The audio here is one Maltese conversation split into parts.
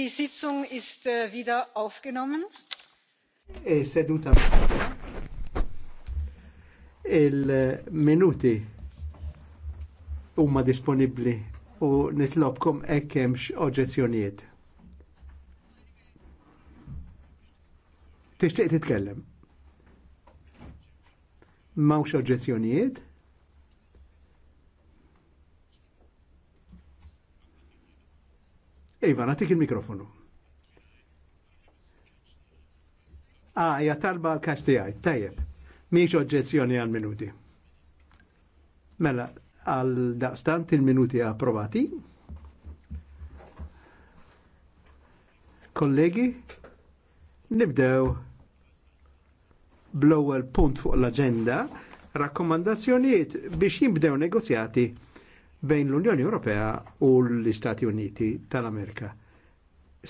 Die Sitzung ist äh, wieder aufgenommen. E seduta. Il-minuti äh, huma disponibbli u nitlobkom hekk hemmx oġġezzjonijiet. Tixtieq titkellem. Mawx oġġezzjonijiet? Iva, natik il-mikrofonu. Ah, ja talba għal-kax tajjeb. Miex oġġezzjoni għal-minuti. Mela, għal-daqstant il-minuti approvati. Kollegi, nibdew bl-ewwel punt fuq l-agenda, rakkomandazzjonijiet biex jimbdew negozjati bejn l-Unjoni Ewropea u l-Istati Uniti tal-Amerika.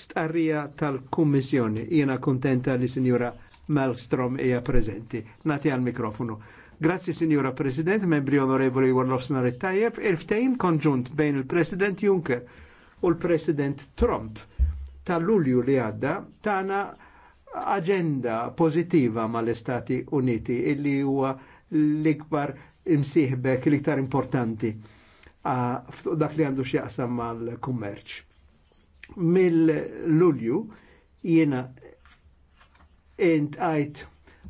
Starrija tal-Kummissjoni, jiena kontenta li Sinjura Malmstrom hija preżenti. Nati għal mikrofonu. Grazzi Sinjura President, membri onorevoli Warlofsna Snarit il-ftejn konġunt bejn il-President Juncker u l-President Trump tal-Lulju li għadda tana agenda pozittiva mal-Istati Uniti illi huwa l-ikbar imsieħbek l-iktar importanti fuq dak li għandu x'jaqsam mal-kummerċ. Mill-Lulju jiena intqajt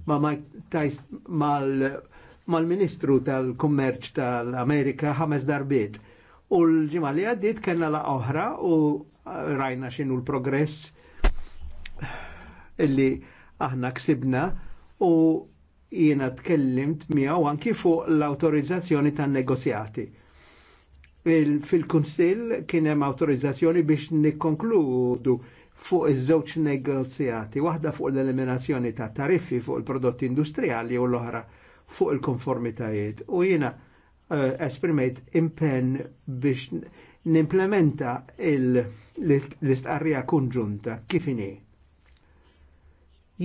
ma mal-Ministru mal ministru tal tal-Amerika ħames darbiet. U l-ġimgħa li għaddiet kellna la oħra u rajna x'inhu l-progress illi aħna ksibna u jiena tkellimt miegħu anki fuq l awtorizzazzjoni tan-negozjati Fil-Kunsill kien hemm awtorizzazzjoni biex nikkonkludu fuq iż-żewġ negozjati, waħda fuq l-eliminazzjoni ta' tariffi fuq il-prodotti industrijali u l-oħra fuq il-konformitajiet. U jiena uh, esprimejt impenn biex nimplementa l-istqarrija kunġunta kif inhi.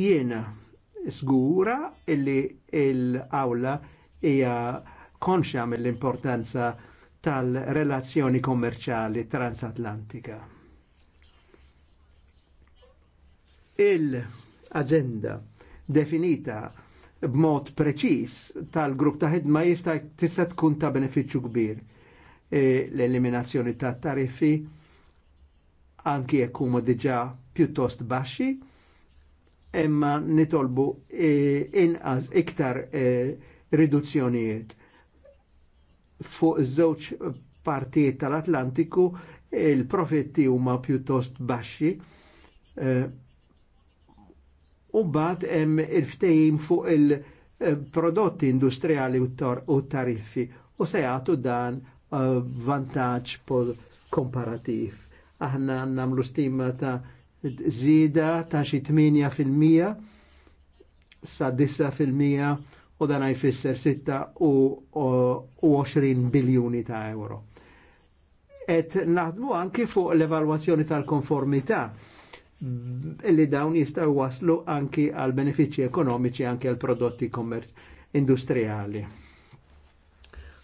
Jiena sgura illi l-awla hija konxja mill-importanza tal-relazzjoni kommerċali transatlantika. Il-agenda definita b'mod preċis tal-grupp ta' ħidma jista' tista' tkun ta' benefiċċju kbir. E, L-eliminazzjoni ta' tariffi anki jekk huma diġà pjuttost baxxi, imma nitolbu e, inqas iktar e, riduzzjonijiet fuq iż-żewġ partijiet tal-Atlantiku il-profitti huma pjuttost baxxi. Eh, u mbagħad hemm il-ftehim fuq il-prodotti industrijali u tariffi u se jagħtu dan eh, vantaġġ komparativ. Aħna nagħmlu stima ta' żieda ta' xi 8 fil-mija sa' 9 fil-mija u dan jfisser 26 biljuni ta' euro. Et naħdmu anki fuq l-evalwazzjoni tal-konformità li dawn jistaw waslu anki għal benefiċi ekonomiċi anki għal prodotti industrijali.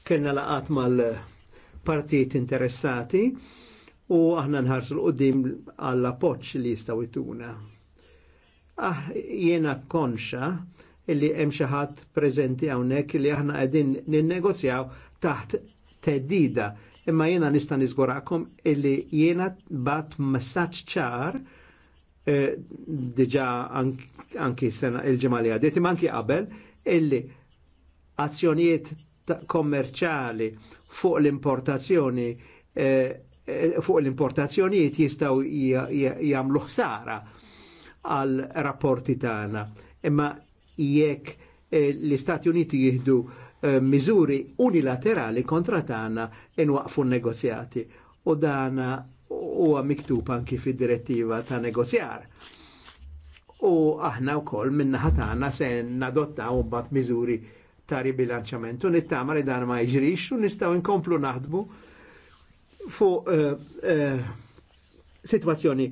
Kenna laqat mal-partijiet interessati u aħna nħarsu l-qoddim għall-appoċ li jistaw ituna. Ah, jena konxa illi hemm xi ħadd preżenti hawnhekk li aħna qegħdin ninnegozjaw taħt teddida. Imma jiena nista' niżgurakom illi jiena bat messaġġ ċar eh, diġà anki sena il-ġimgħa li għadiet imma anki qabel illi azzjonijiet kommerċali fuq l-importazzjoni eh, fuq l-importazzjonijiet jistaw jagħmlu ħsara għal rapporti tagħna. Imma jekk eh, l-Istati Uniti jihdu eh, miżuri unilaterali kontra tagħna nwaqfu n-negozjati. U dan huwa miktub anki fid-direttiva ta' negozjar. U aħna wkoll minna tagħna se nadottaw mbagħad miżuri ta' ribilanċament. U nittama li dan ma jiġrix u nistgħu nkomplu naħdmu fuq uh, eh, uh, situazzjoni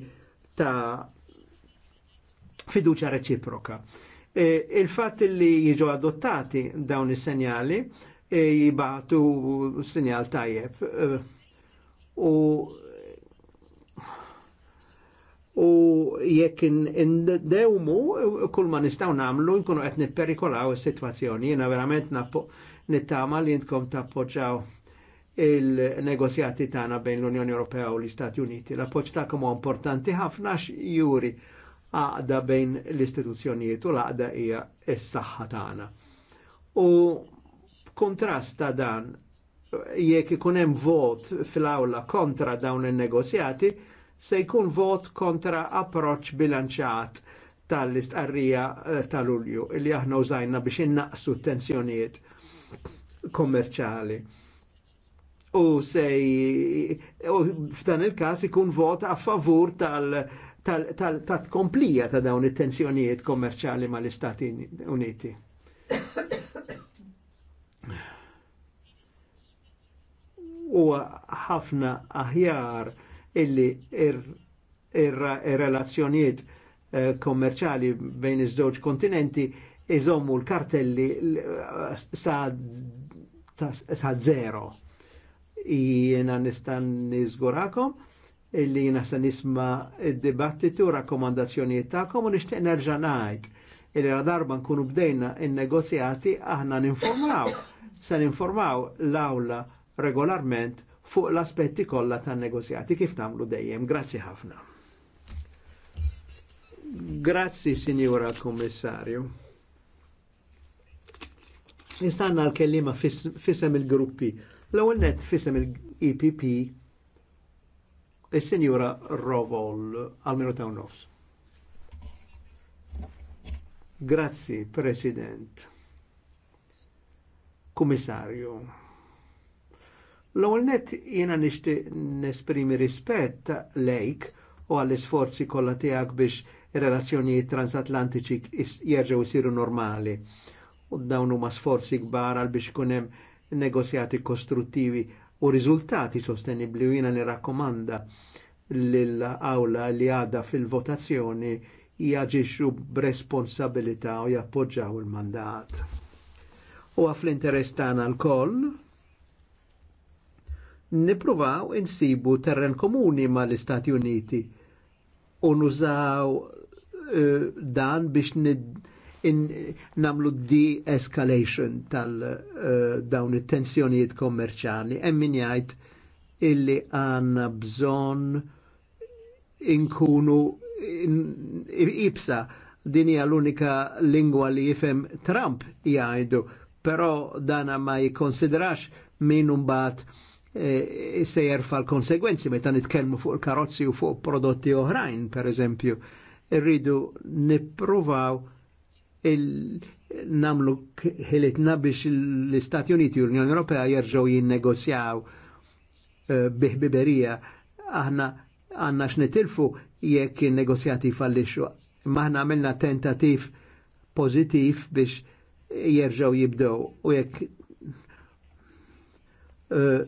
ta' fiduċa reċiproka. E, il fat li jiġu adottati dawn is-senjali e, jibatu sinjal tajjeb. E, u u jekk indewmu kull ma nistaw namlu nkunu qed nipperikolaw is-sitwazzjoni. Jiena verament nittama li intkom tappoġġaw il-negozjati tagħna bejn l-Unjoni Ewropea u l-Istati Uniti. L-appoġġ tagħkom huwa importanti ħafna juri għaqda bejn l-istituzzjonijiet u l-għaqda hija s-saħħa tagħna. U kontrast ta' dan jekk ikun hemm vot fl-awla kontra dawn in-negozjati, se jkun vot kontra approċ bilanċat tal-istqarrija eh, tal-Ulju li aħna użajna biex innaqsu t-tensjonijiet kommerċali. U sej, u f'dan il-kas ikun vot a favur tal- tal-komplija ta' dawn it-tensjonijiet kommerċali mal-Istati Uniti. U ħafna aħjar illi ir-relazzjonijiet eh, kommerċali bejn iż-żewġ kontinenti iżommu l-kartelli sa' zero. Jiena nistan nizgurakom illi jina sa nisma id-dibattitu rakkomandazzjonijiet ta'kom u nixtieq nerġa' ngħid illi la darba nkunu bdejna in-negozjati aħna ninformaw se ninformaw l-awla regolarment fuq l-aspetti kollha tan-negozjati kif nagħmlu dejjem. Grazzi ħafna. Grazzi, Sinjura Kommissarju. Nistanna l-kellima fissem il-gruppi. L-ewwel net fissem il-EPP il-Senjura Rovol għal-minu ta' nofs. Grazzi, President. Kummissarju. L-ewwel net jiena nixtieq nesprimi rispet lejk u għall sforzi kolla tijak biex relazzjoni relazzjonijiet transatlantiċi jerġgħu jsiru normali. U dawnu ma sforzi gbar għal biex kunem negozjati kostruttivi u riżultati sostenibli u jiena nirakkomanda lill-awla li għadha fil-votazzjoni jaġixxu b'responsabilità u jappoġġaw il-mandat. U għaf l-interess tagħna l-koll nipruvaw insibu terren komuni mal-Istati Uniti u nużaw eh, dan biex nid namlu de-escalation tal-dawn eh, uh, it-tensjonijiet kommerċali, emmin jgħid illi għanna bżon inkunu ibsa din hija l-unika lingwa li jifhem Trump jgħidu, però dana ma jikkonsiderax min mbagħad eh, se jerfa l-konsegwenzi meta nitkellmu fuq il-karozzi u fuq prodotti oħrajn, per eżempju, irridu nippruvaw namlu ħilitna biex l-Istati Uniti u l-Unjoni Ewropea jerġgħu jinnegozjaw eh, biberija. aħna għanna x'nitilfu jekk il-negozjati Imma Maħna għamilna tentativ pożittiv biex jerġgħu jibdew u jekk eh,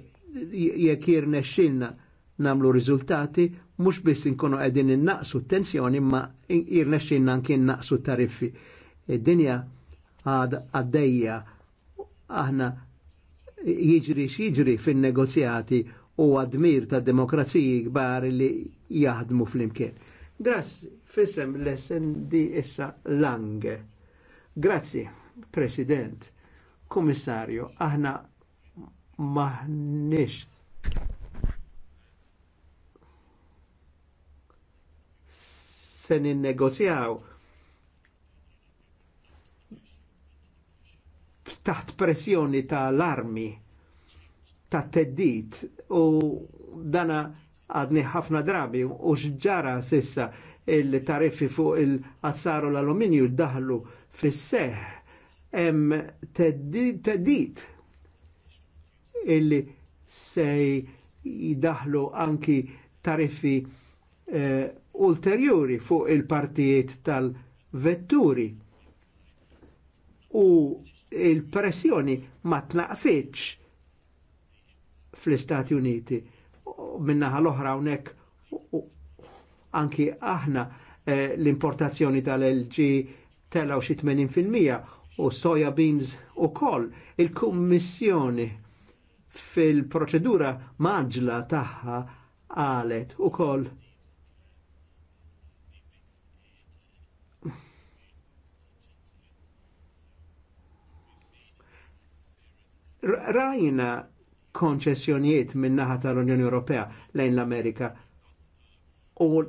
jekk jirnexxilna namlu riżultati mhux biss inkunu qegħdin innaqsu t-tensjoni ma jirnexxilna anke innaqsu t tariffi Id-dinja għaddejja aħna jiġri x'jiġri fin-negozjati u għadmir ta' demokraziji kbar li jaħdmu fl-imkien. Grazzi, fissem l-essen di issa lange. Grazzi, President, Komissarju, aħna maħnix se ninnegozjaw taħt pressjoni tal-armi ta' teddit u dana għadni ħafna drabi u xġara sissa il-tariffi fuq il-azzaru l-alluminju daħlu fis-seħ hemm teddit illi se jidaħlu anki tariffi eh, ulterjuri fuq il-partijiet tal-vetturi u il-pressjoni ma tnaqsitx fl-Istati Uniti. Minnaħa l-oħra hawnhekk anki aħna eh, l-importazzjoni tal-LG telgħu xi fil-mija u soja beans u koll. Il-Kummissjoni fil-proċedura maġla taħħa għalet u koll Rajna konċessjonijiet minnaħa naħa tal-Unjoni Ewropea lejn l-Amerika u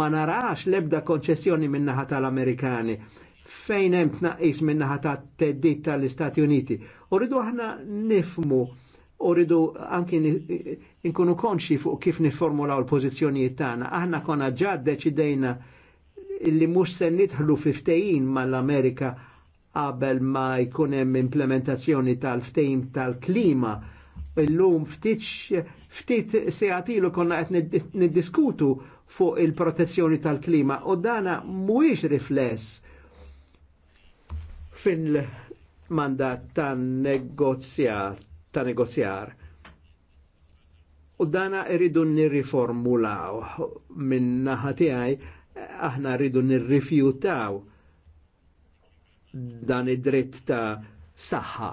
ma narax lebda konċessjoni minnaħa naħa tal-Amerikani fejn hemm tnaqqis minnaħa naħa ta' teddit tal-Istati Uniti. U rridu aħna nifmu u rridu anki nkunu konxi fuq kif nifformulaw l-pożizzjonijiet tagħna. Aħna konna ġad deċidejna illi mhux se nidħlu fiftejin mal-Amerika qabel ma jkun hemm implementazzjoni tal-ftejm tal-klima. Illum ftit ftit seħatilu konna qed niddiskutu fuq il-protezzjoni tal-klima u dana mhuwiex rifless fin mandat tan negozjat ta' negozjar. U dana rridu nirriformulaw minn naħa tiegħi aħna rridu nirrifjutaw dan id-dritt ta' saħħa.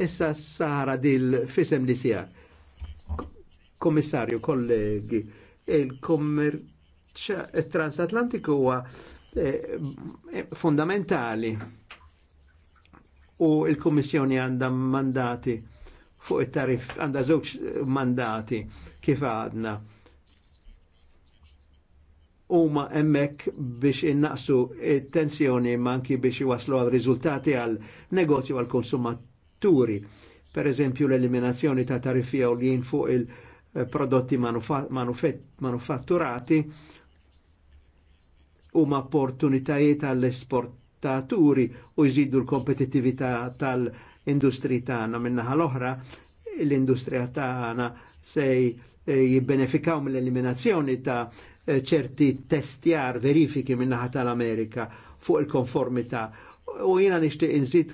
Issa Sara dil fisem li sija. Komissarju, kollegi, il kommerċa transatlantiku huwa eh, fondamentali u il-Kommissjoni għandha mandati fuq it-tarif għandha żewġ mandati kif għadna huma hemmhekk biex innaqsu t-tensjoni manki biex iwaslu għal riżultati għal negozju għal konsumaturi. Per eżempju l-eliminazzjoni ta' tariffi għoljien fuq il-prodotti manufatturati huma opportunitajiet għall-esportaturi u jżidu l-kompetittività tal-industri tagħna minnaħa l-oħra l-industrija tagħna se jibbenefikaw mill-eliminazzjoni ta' Eh, ċerti testjar verifiki minnaħa tal-Amerika fuq il-konformità u jina nishtiq inżid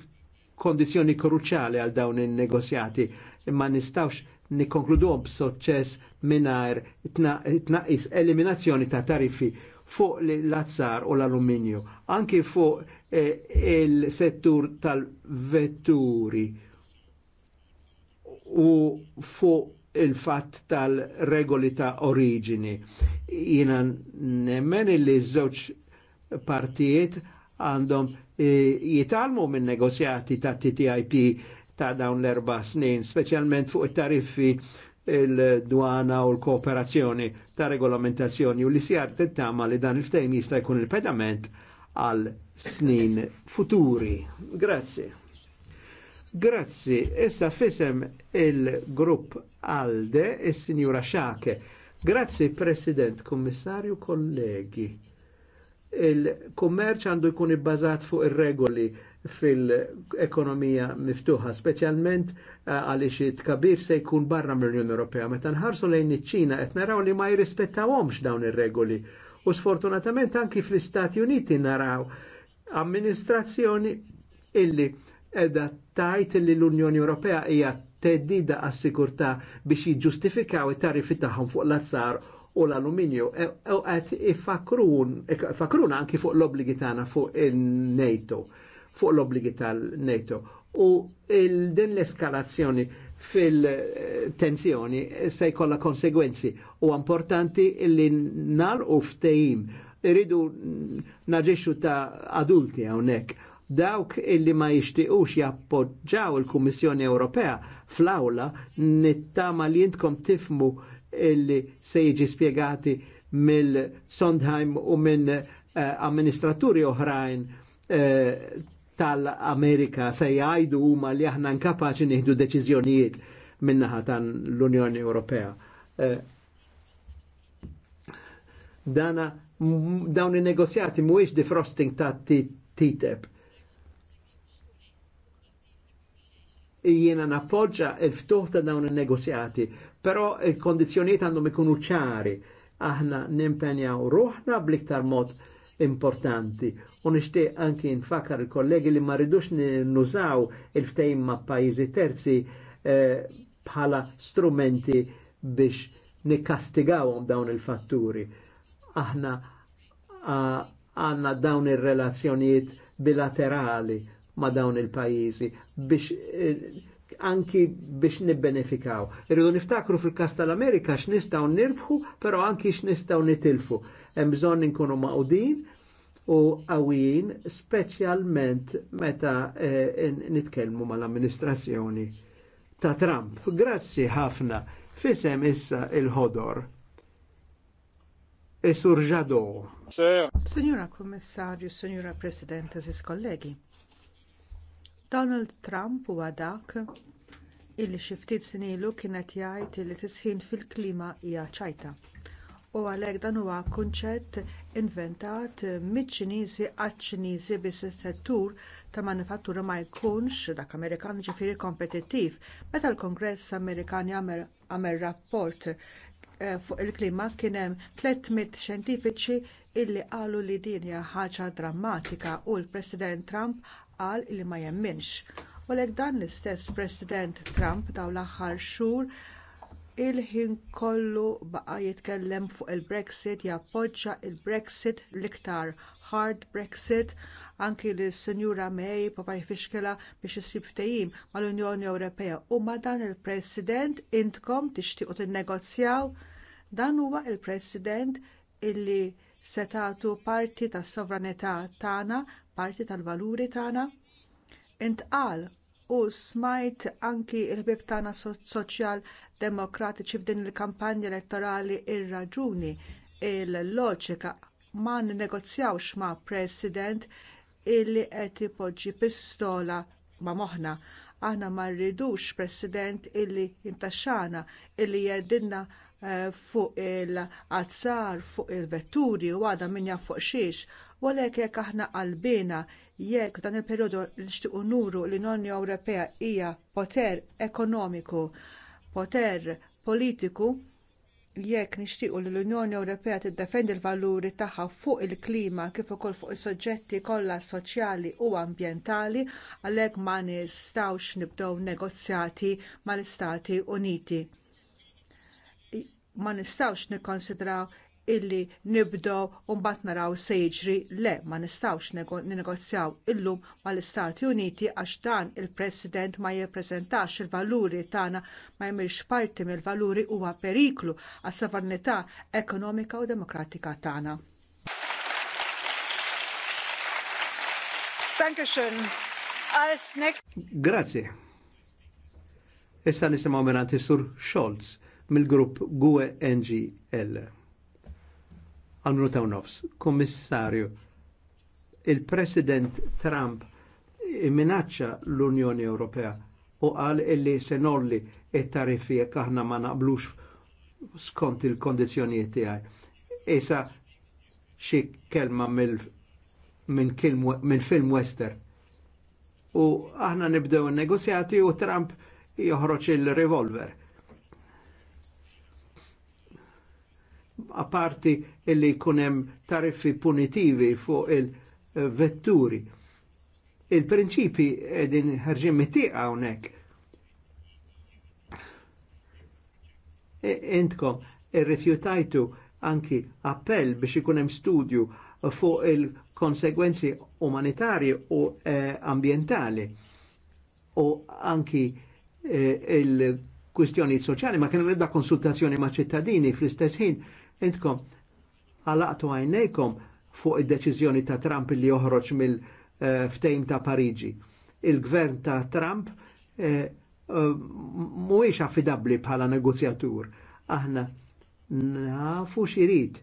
kondizjoni kruċali għal dawn il-negozjati imma nistawx nikonkluduhom b'suċċess mingħajr tnaqqis eliminazzjoni ta' tariffi fuq l-azzar u l-alluminju, anki fuq eh, il-settur tal-vetturi u fuq il-fatt tal-regoli ta' oriġini. Jina nemmen li zoċ partijiet għandhom eh, jitalmu minn negozjati ta' TTIP ta' dawn l-erba snin, specialment fuq it-tariffi il-dwana u l-kooperazzjoni ta' regolamentazzjoni u li sjar tama li dan il-ftejm jista' jkun il-pedament għal snin futuri. Grazie. Grazzi, issa fisem il-grupp ALDE, il-Sinjura Xake. Grazzi, President, Kommissarju, kollegi. Il-kummerċ għandu jkun ibbażat fuq ir-regoli fil-ekonomija miftuħa, specialment eh, għaliex it-kabir se jkun barra mill-Unjoni Ewropea. Meta nħarsu lejn iċ-Ċina qed naraw li ma jirrispettawhomx dawn ir-regoli. U sfortunatament anki fl-Istati Uniti naraw amministrazzjoni illi edha tajt li l-Unjoni Ewropea hija teddida għas-sikurtà biex jiġġustifikaw it-tariffi tagħhom fuq l-azzar u l-alluminju e, e, u qed ifakrun anki fuq l obbligi tagħna fuq il-NATO, fuq l obbligi tal-NATO. U din l-eskalazzjoni fil-tensjoni se jkollha konsegwenzi u importanti li nar u ftehim iridu naġixxu ta' adulti hawnhekk dawk illi ma jixtiqux jappoġġaw il-Kummissjoni Ewropea fl-awla nittama li jintkom tifmu illi se jiġi spiegati mill-Sondheim u minn uh, amministraturi oħrajn uh, tal-Amerika se jgħidu huma li aħna nkapaċi nieħdu deċiżjonijiet minnaħa tan l-Unjoni Ewropea. Uh, dana dawn in-negozjati mhuwiex defrosting ta' TTIP jiena nappoġġa il-ftuħ ta' dawn il-negozjati, però il-kondizjoniet għandhom ikunu ċari. Aħna nimpenjaw ruħna bliktar mod importanti. U nixtieq anki nfakar il-kollegi li ma rridux nużaw il-ftejn ma' pajjiżi terzi eh, bħala eh, strumenti biex nikkastigawhom dawn il-fatturi. Aħna ah, għanna dawn ir-relazzjonijiet bilaterali ma' dawn il-pajjiżi biex eh, anki biex nibbenefikaw. Irridu niftakru fil-kas tal-Amerika x'nistgħu nirbħu, però anki x'nistgħu nitilfu. Hemm bżonn inkunu maqudin u għawin, specialment meta eh, nitkellmu mal-amministrazzjoni ta' Trump. Grazzi ħafna fisem issa il-ħodor. Isur Jado. Signora Kommissarju, Signora President, Aziz kollegi. Donald Trump huwa dak illi xi ftit snin kienet jgħid li tisħin fil-klima hija ċajta. U għalhekk dan huwa kunċett inventat miċ-Ċiniżi għaċ-Ċiniżi biss is-settur ta' manifattura ma jkunx dak Amerikan ġifieri kompetittiv. Meta l-Kongress Amerikan jagħmel rapport eh, fuq il-klima kien hemm 300 xjentifiċi illi qalu li din hija ħaġa drammatika u l-President Trump qal li ma jemminx. U għalhekk dan l-istess President Trump dawn l-aħħar xhur il-ħin kollu baqa jitkellem fuq il-Brexit, jappoġġa l brexit l-iktar hard Brexit, anki li s-Sinjura May papa jfixkela biex issib ftehim mal-Unjoni Ewropea. U ma dan il-President intkom tixtiequ tinnegozjaw dan huwa l il president illi se tagħtu parti tas sovranità tagħna parti tal-valuri tagħna. Intqal u smajt anki l-ħbieb tagħna soċjal-demokratiċi f'din il-kampanja elettorali ir-raġuni il kampanja elettorali ir raġuni il loġika ma nnegozjawx ma' President illi qed ipoġġi pistola ma' moħħna. Aħna ma rridux President illi jintaxxana illi jedinna eh, fuq il-azzar, fuq il-vetturi u għadha min fuq xiex Walek jek jekk aħna qalbina jekk dan il-perjodu nixtiequ nuru li l-Unjoni Ewropea hija poter ekonomiku, poter politiku, jekk nixtiequ li l-Unjoni Ewropea tiddefendi l-valuri tagħha fuq il-klima kif ukoll fuq is-soġġetti kollha soċjali u ambjentali, għalhekk ma nistgħux nibdew negozjati mal-Istati Uniti. Ma nistgħux nikkonsidraw illi nibdow u mbagħad naraw se jiġri le ma nistgħux ninegozjaw illum mal-Istati Uniti għax dan il-President ma jippreżentax il-valuri tagħna ma jmirx parti mill-valuri huwa periklu għas sovranità ekonomika u demokratika tagħna. Grazie. Issa nisimgħu minn Sur Scholz mill-grupp GUE NGL għamlu ta' nofs. Kommissarju, il-President Trump minaccia l-Unjoni Ewropea u għal illi senolli t tariffi jekk aħna ma naqblux skont il-kondizjonijiet tiegħi. Isa xi kelma minn min film western. U aħna nibdew negozjati u Trump joħroġ il-revolver aparti illi kunem tariffi punitivi fuq il-vetturi. Il-prinċipi edin ħarġin mittiqa unek. E, intkom, il-rifjutajtu anki appell biex ikunem studju fuq il-konsegwenzi umanitarji u eh, ambientali u anki eh, il-kwistjoni soċjali ma kienu redda konsultazzjoni ma' ċittadini fl-istess ħin Intkom għalaqtu għajnejkom fuq id-deċiżjoni ta' Trump li joħroġ mill-ftejm eh, ta' Pariġi. Il-gvern ta' Trump eh, eh, mhuwiex affidabbli bħala negozjatur. Aħna nafu x'irid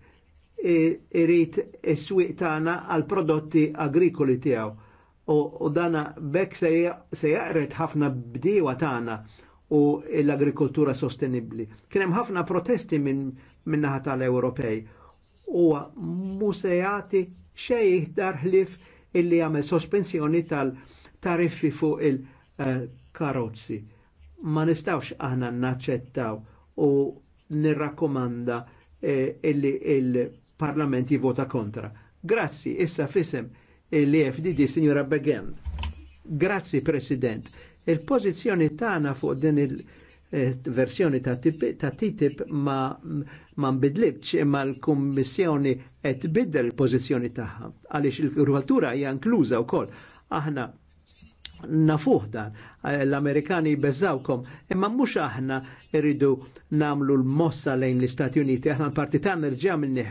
irrit is-swieq tagħna għal prodotti agrikoli tiegħu. U dana bekk se jaqret ħafna bdiewa tagħna u l-agrikoltura sostenibli. Kien hemm ħafna protesti minn minnaħa tal-Ewropej. Huwa musejati xej iħdar ħlif illi għamel sospensjoni tal-tariffi fuq il-karozzi. Ma nistawx aħna naċċettaw u nirrakkomanda eh, illi il-Parlament jivota kontra. Grazzi, issa fisem l-EFDD, Signora Begem. Grazzi, President. Il-pozizjoni tagħna fuq din il- Eh, versjoni ta' TTIP ma, ma nbidlibx imma l-Kummissjoni qed tbiddel il-pożizzjoni tagħha għaliex il-kultura hija inkluża wkoll. Aħna nafuh dan, eh, l-Amerikani bezzawkom, imma mhux aħna rridu namlu l-mossa lejn l-Istati Uniti, aħna l-partitan nerġa' minnih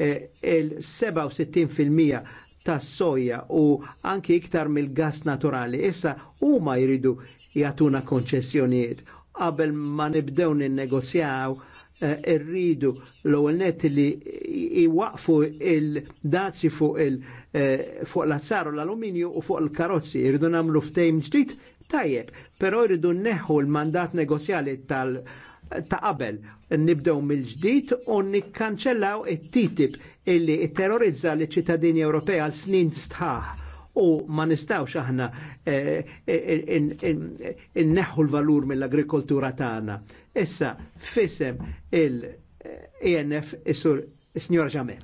eh, il-67% tas soja u anki iktar mill-gas naturali. Issa huma jridu jatuna konċessjonijiet qabel ma nibdew ninnegozjaw eh, irridu l-ewwel net li iwaqfu il-dazi fuq il eh, fuq l-azzar u l-alluminju u fuq il-karozzi irridu nagħmlu ftejm ġdid tajjeb, però irridu neħu l-mandat negozjali tal- ta' qabel nibdew mill-ġdid u nikkanċellaw it-titib illi terrorizza l-ċittadini Ewropea għal snin stħaħ u ma nistawx aħna eh, eh, eh, inneħħu l-valur mill-agrikoltura tagħna. Issa fisem il-ENF e isur is-Sinjor Ġame.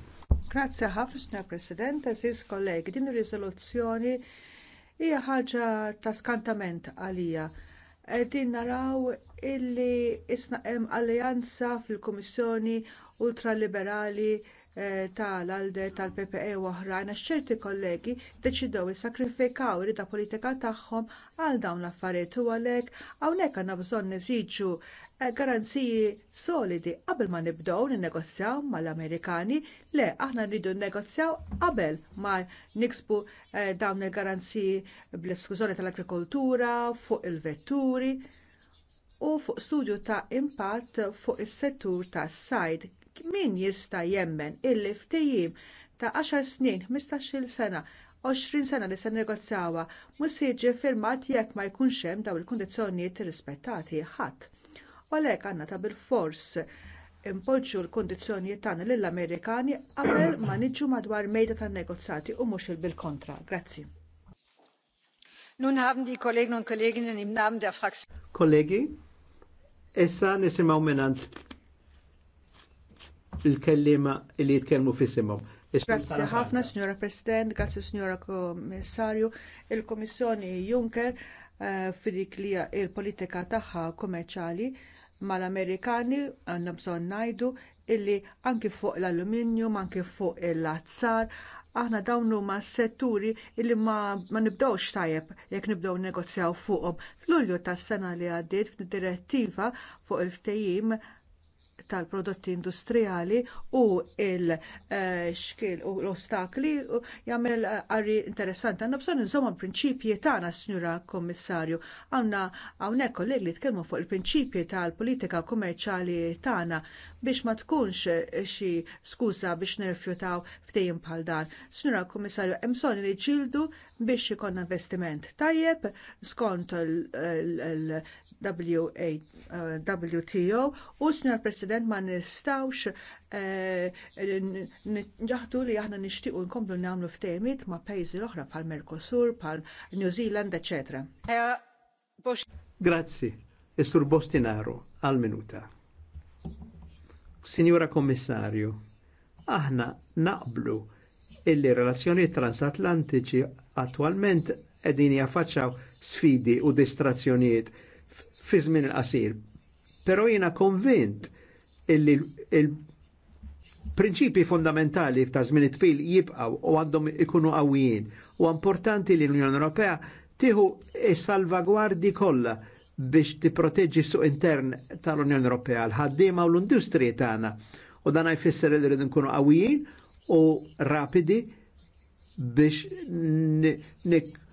Grazzi ħafna, Signor President, Aziz kollegi, din ir-riżoluzzjoni hija ħaġa ta' skantament għalija. Din naraw illi isna hemm alleanza fil-Kummissjoni ultraliberali Eh, tal-alde tal-PPE u oħrajn għax ċerti kollegi ddeċidew isakrifikaw rida politika tagħhom għal dawn l-affarijiet u għalhekk hawnhekk għandna bżonn nesiġu eh, garanziji solidi qabel ma nibdew ninnegozjaw mal-Amerikani le aħna rridu nnegozjaw qabel ma niksbu eh, dawn il-garanziji bl-eskużjoni tal-agrikoltura fuq il-vetturi u fuq studju ta' impatt fuq is-settur tas-sajd min jista' jemmen illi ftehim ta' 10 snin, 15-il sena, 20 sena li se negozjawa mhux se jiġi firmat jekk ma jkunx hemm dawn il-kundizzjonijiet irrispettati ħadd. U għalhekk għandna ta' bilfors impoġġu l-kundizzjonijiet tagħna lill-Amerikani qabel ma niġu madwar mejda tan-negozjati u mhux il-bil-kontra. Grazzi. Nun haben die Kollegen und Kolleginnen im Namen der Fraktion. Kollegi, issa nisimgħu minant il-kellima li jitkellmu fissimhom. Grazie ħafna, Signora President, grazie Signora Kommissarju. Il-Komissjoni Juncker eh, fidik li il-politika tagħha komerċali mal-Amerikani għandna bżonn ngħidu illi anki fuq l alluminium anki fuq il-azzar, aħna dawn huma setturi illi ma, ma nibdewx tajjeb jekk nibdew negozjaw fuqhom. Fl-Ulju tas-sena li għaddiet fid-direttiva fuq il-ftehim tal-prodotti industrijali u l-xkil eh, u l-ostakli jagħmel eh, qari interessanti. Għandna bżonn insomma prinċipji tagħna, Sinjura Kommissarju. Għandna hawnhekk kollegi li tkellmu fuq il-prinċipji tal-politika kummerċjali tagħna biex ma tkunx eh, xi skuża biex nirrifjutaw ftehim bħal dan. Sinjura Kommissarju, hemm bżonn li ġildu biex ikonna investiment tajjeb skont l-WTO eh, u s-Sinjor President ma nistawx ġaħdu eh, li aħna nixtiequ nkomplu nagħmlu ftehimiet ma' pajjiżi l-oħra pal Mercosur, pal New Zealand, etc. Grazzi, Istur Bostinaro, għal-minuta. Signora Kommissarju, aħna naqblu illi relazzjoni transatlantiċi Attualment qegħdin jaffaċċaw sfidi u distrazzjonijiet fi żmien il-qasir. Però jiena konvint illi il-prinċipi fondamentali ta' żmien it-twil jibqaw u għandhom ikunu qawwijin. U importanti li l-Unjoni Ewropea tieħu s-salvagwardi kollha biex tipproteġġi suq intern tal-Unjoni Ewropea l-ħaddiema u l-industriji tagħna. U dan jfisser li rridu nkunu qawwijin u rapidi biex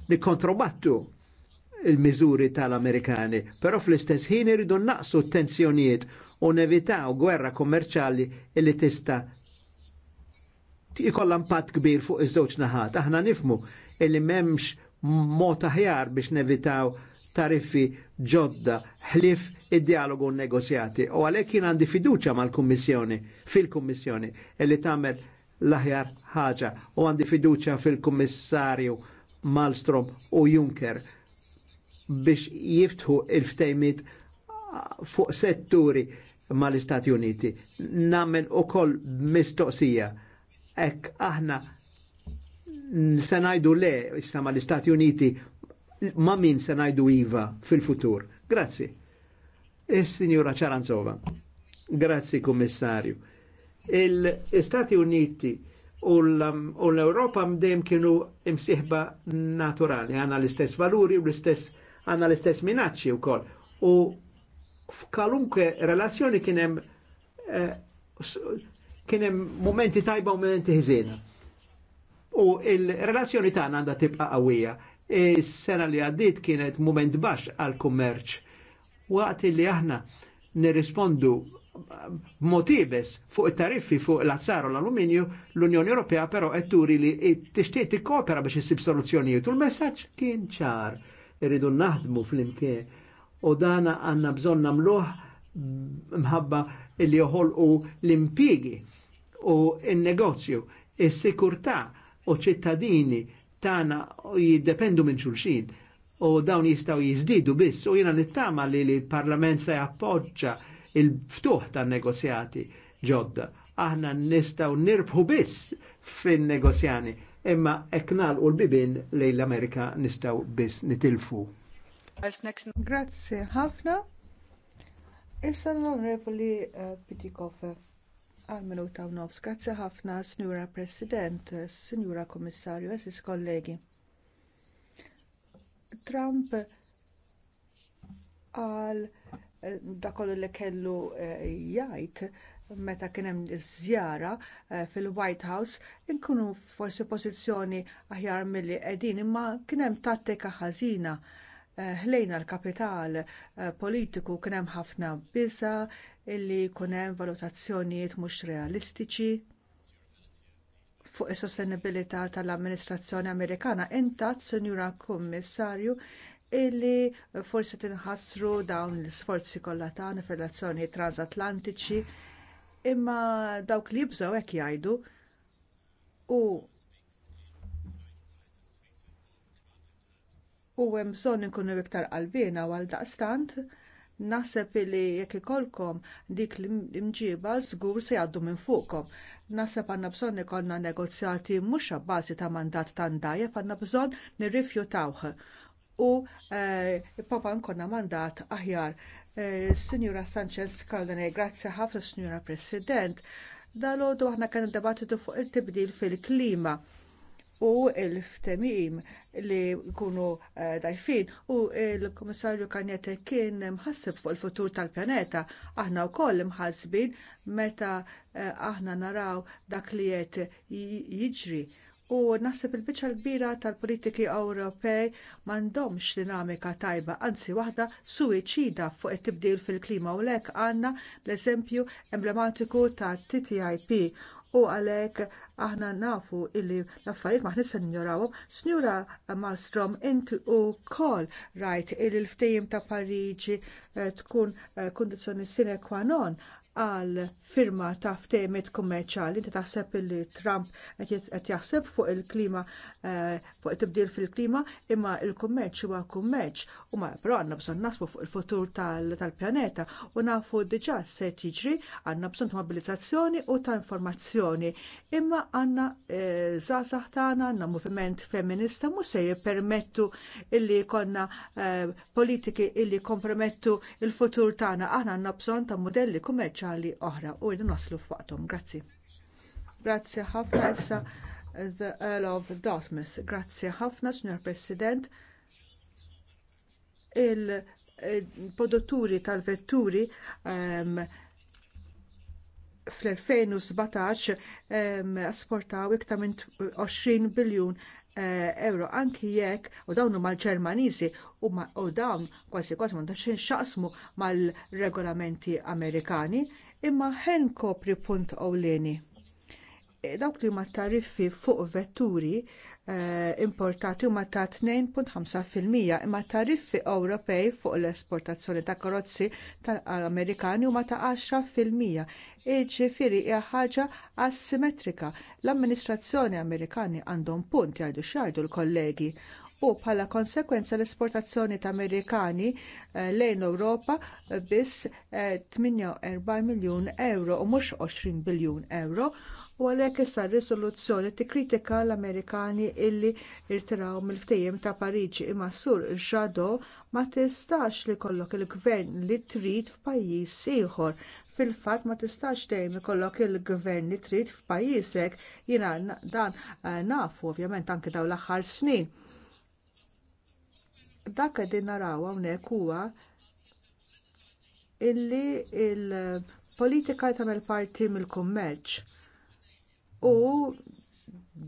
nikontrobattu il-miżuri tal-Amerikani, però fl-istess ħin iridu naqsu t-tensjonijiet u nevitaw gwerra kommerċali li tista' ikolla impatt kbir fuq iż-żewġ naħat. Aħna nifmu illi m'hemmx mod aħjar biex nevitaw tariffi ġodda, ħlif id-dialogu negozjati. U għalhekk jien għandi fiduċja mal-Kummissjoni, fil-Kummissjoni, illi tagħmel l-aħjar ħaġa u għandi fiduċa fil-Kummissarju Malmstrom u Juncker biex jiftħu il-ftejmit fuq setturi mal-Istati Uniti. Namen u koll mistoqsija. Ek aħna senajdu le issa mal-Istati Uniti ma min senajdu iva fil-futur. Grazzi. is eh, signora Ċaranzova. Grazzi, kummissarju Il-Stati Uniti u l-Europa mdem kienu imsiħba naturali, għanna l-istess valuri u l-istess għanna l-istess minacċi u kol. U f'kalunke relazzjoni kienem eh, kienem momenti tajba u momenti hizina. U il-relazzjoni tagħna għandha tibqa' qawwija. Is-sena li għaddiet kienet moment baxx għal kummerċ. Waqt li aħna nirrispondu motibes fuq it-tariffi fuq l-azzar u l-alluminju, l-Unjoni Ewropea però qed turi li tixtieq tikkopera biex issib soluzzjonijiet. U l-messaġġ kien ċar irridu naħdmu flimkien u dana għandna bżonn nagħmluh mħabba li joħolqu l-impigi u n-negozju, is-sikurtà u ċittadini tagħna jiddependu minn xulxin u dawn jistgħu jiżdiedu biss u jiena nittama li l-Parlament se jappoġġa il-ftuħ tan negozjati ġodda. Aħna nistaw nirbħu biss fin-negozjani, imma eknal u l-bibin li l-Amerika nistaw biss nitilfu. Grazie ħafna. Issa l-Onorevoli eh, Pitikofer. Għal-minu ta' nofs, grazzi ħafna, Signora President, Signora Komissarju, eżis kollegi. Trump għal dakol li kellu eh, jgħid meta kien hemm iż-żjara eh, fil-White House inkunu forsi pożizzjoni aħjar milli qegħdin imma kien hemm tattika ħażina eh, ħlejna l-kapital politiku kien hemm ħafna bisa illi jkun hemm valutazzjonijiet mhux realistiċi fuq is-sostenibilità tal-amministrazzjoni Amerikana intat, Sinjura Kummissarju, illi forsi tinħassru dawn l-sforzi kollha tagħna fir-relazzjoni transatlantiċi imma dawk li jibżgħu hekk jgħidu u u hemm bżonn inkunu iktar qalbina għal daqstant naħseb li jekk ikollkom dik l-imġiba żgur se jgħaddu minn fuqkom. Naħseb għandna bżonn ikollna negozjati mhux abbażi ta' mandat tan tandajja għandna bżonn nirrifjutawh u eh, papa nkonna mandat aħjar. Eh, Sinjura Sanchez Caldone, grazzi ħafna Sinjura President. Dalodu aħna kien debattitu fuq il-tibdil fil-klima u l ftemim li jkunu eh, dajfin u l komissarju Kanjete kien mħassib fuq il-futur tal-pjaneta. Aħna wkoll mħassibin meta aħna naraw dak li qed jiġri U naħseb il-biċċa l-bira tal-politiki Ewropej m'għandhomx dinamika tajba, anzi waħda suwiċida fuq it-tibdil fil-klima u lek għandna l-eżempju emblematiku ta' TTIP u għalhekk aħna nafu illi l-affarijiet maħni se njorawhom. Snjura Malmstrom, inti wkoll rajt illi l-ftejim ta' Pariġi eh, tkun eh, kundizzjoni sine qua non għal firma ta' ftehmet kummerċjali inti taħseb li Trump qed jaħseb fuq il-klima eh, fuq it-tibdil fil-klima imma il-kummerċ huwa kummerċ u ma però għandna bżonn nasbu fuq il-futur tal-pjaneta u nafu diġà se tiġri għandna bżonn ta' mobilizzazzjoni u ta' informazzjoni imma għandna eh, żgħażagħ tagħna għandna moviment feminista mhux se jippermettu illi jkollna eh, politiki illi kompromettu il-futur tagħna aħna għandna bżonn ta' mudelli kummerċjali kummerċjali oħra u jridu naslu f'waqthom. Grazzi. Grazzi ħafna issa the Earl of Dartmouth. Grazzi ħafna, Signor President. Il-produtturi tal-vetturi um, fl-2017 asportaw ehm, iktar minn 20 biljun Eh, euro anki jekk u dawn huma u, ġermaniżi u dawn kważi kważi m'għandhomx xaqsmu mal-regolamenti Amerikani imma ħen kopri punt ewleni. E, dawk li huma tariffi fuq vetturi Eh, importati huma ta' 2.5% imma tariffi Ewropej fuq l-esportazzjoni ta' karozzi tal-Amerikani huma ta' 10%. Jiġifieri hija ħaġa asimetrika. L-amministrazzjoni Amerikani għandhom punt jgħidu jgħidu l-kollegi u bħala konsegwenza l-esportazzjoni ta' Amerikani eh, lejn Ewropa biss 48 eh, miljun euro u mhux 20 biljun euro u għalhekk issa r-risoluzzjoni tikkritika l-Amerikani illi rtiraw mill-ftehim ta' Pariġi imma sur ġado ma tistax li jkollok il-gvern li trid f'pajjiż ieħor. Fil-fatt ma tistax dejjem ikollok il-gvern li trid f'pajjiżek jiena dan eh, nafu ovvjament anke dawn l-aħħar snin. Dak qegħdin naraw hawnhekk huwa illi l il politika tagħmel parti mill-kummerċ u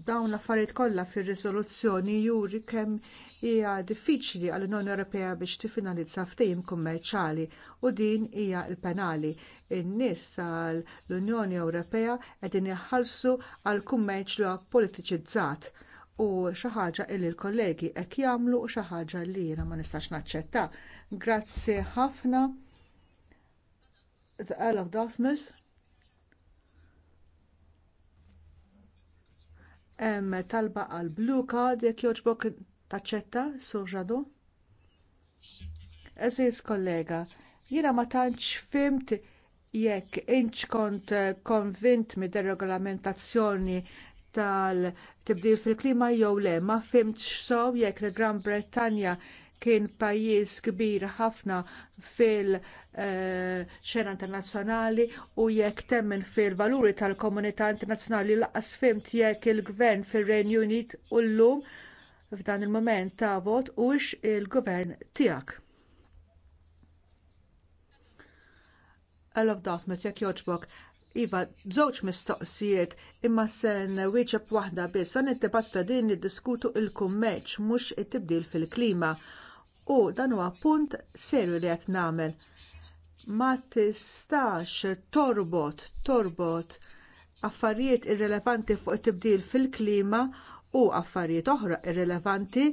dawn l-affarijiet kollha fir-riżoluzzjoni juri kemm hija diffiċli għall unjoni Ewropea biex tiffinalizza ftehim kummerċjali u din hija l-penali. In-nies tal-Unjoni Ewropea qegħdin iħallsu għal kummerċ li politiċizzat u xi ħaġa li l-kollegi qed jagħmlu u xi ħaġa li jiena ma nistax naċċetta. Grazzi ħafna. The Earl of Dartmouth. Hemm talba għal blue card jekk jogħġbok taċċetta sur ġadu. Eżis kollega, jiena ma tantx fimt jekk inċ kont eh, konvint mid regolamentazzjoni tal-tibdil fil-klima jew le, ma fimtx sow jekk il-Gran Bretanja kien pajjiż kbir ħafna fil-xena eh, internazzjonali u jekk temmen fil-valuri tal-komunità internazzjonali laqas fimt jekk il-gvern fir-Renju Unit u llum f'dan il mument ta' vot hux il-gvern tiegħek. Għallof jekk jogħġbok. Iva, żewġ mistoqsijiet imma sen wieġeb waħda biss. dan it-tibatta din niddiskutu l kummerċ mhux it-tibdil fil-klima u dan huwa punt serju li qed nagħmel. Ma tistax torbot torbot affarijiet irrelevanti fuq it-tibdil fil-klima u affarijiet oħra irrelevanti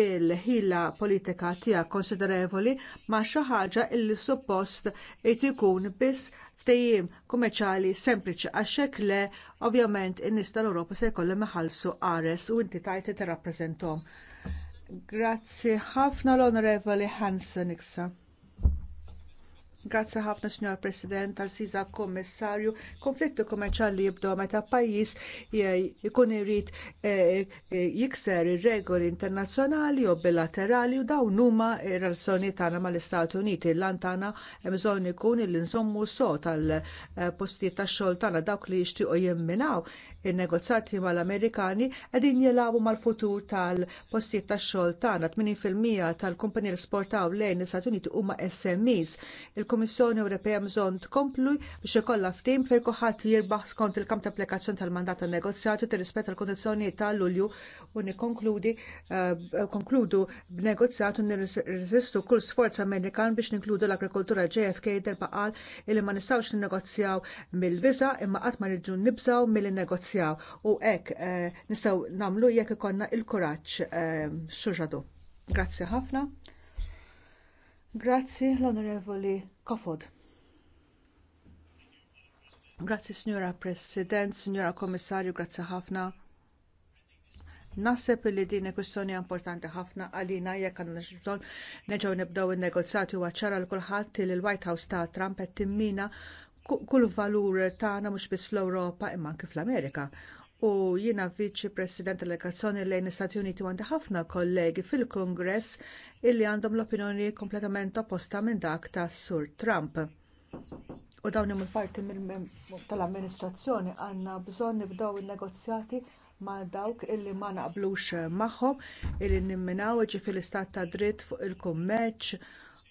bil-ħila politika tiegħek konsiderevoli ma xi ħaġa li suppost qed ikun biss ftehim kummerċjali sempliċi għax hekk le ovvjament in-nies tal-Ewropa se jkollhom iħallsu qares u inti tajt tirrappreżentahom. Grazzi ħafna l-Onorevoli Hansen iksa. Grazzi ħafna Signor President tal siża Kommissarju. Konflitti kummerċali jibdew meta pajjiż jkun irid eh, eh, jikser ir-regoli internazzjonali u bilaterali u dawn huma r-relazzjoni tagħna mal-Istati Uniti. Lan tagħna hemm bżonn ikun il nżommu so tal-postijiet eh, tax-xogħol tagħna dawk li jixtiequ jimminaw in-negozjati mal-Amerikani qegħdin jilagħbu mal-futur tal-postijiet tax-xogħol tagħna 80% tal-kumpaniji sportaw lejn l-Istati Uniti huma SMEs. Il-Kummissjoni Ewropea bżonn tkomplu biex ikollha ftim fejn ħadd jirbaħ skont il-kamp ta' applikazzjoni tal-mandat tan-negozjati tirrispetta l-kondizzjonijiet tal-Lulju u nikkonkludi eh, konkludu b'negozjat u nirreżistu kull sforz Amerikan biex ninkludu l-agrikoltura JFK derba qal illi ma nistgħux ninnegozjaw mill viża imma qatt ma nibżgħu mill-negozjat ringrazzjaw u hekk eh, nistgħu nagħmlu jekk ikollna il kuraġġ xuġadu. Eh, grazzi ħafna. Grazzi l-Onorevoli Kofod. Grazzi Signora President, Signora Kommissarju, grazzi ħafna. Naseb li din kwistjoni importanti ħafna għalina jekk għandna bżonn neġgħu nibdew in-negozjati huwa ċara l kulħadd il white House ta' Trump qed timmina kull valur tagħna mhux biss fl-Ewropa imma anke fl-Amerika. U jiena viċi president delegazzjoni lejn l-Istati Uniti għandi ħafna kollegi fil-Kongress illi għandhom l-opinjoni kompletament opposta minn dak ta' Sur Trump. U dawn hemm parti tal-amministrazzjoni għandna bżonn nibdew in-negozjati ma' dawk illi ma naqblux magħhom illi nimminaw iġi fil istat ta' dritt fuq il-kummerċ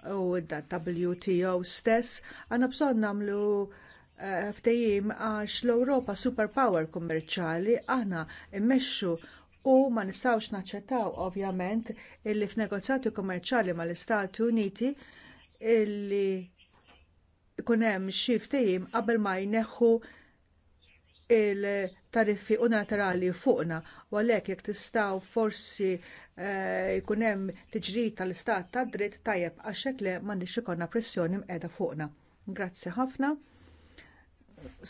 u WTO stess, għandna bżonn nagħmlu eh, ftehim għax l ewropa superpower kummerċjali aħna immexxu u ma nistgħux naċċettaw ovvjament illi f'negozjati kummerċjali mal-Istati Uniti illi ikun hemm xi ftehim qabel ma jneħħu il-tariffi unilaterali fuqna u għalhekk jekk tistgħu forsi eh, jkun hemm tiġrid tal-istat tad dritt tajjeb għax hekk le m'għandix ikollna pressjoni mqiegħda fuqna. Grazzi ħafna.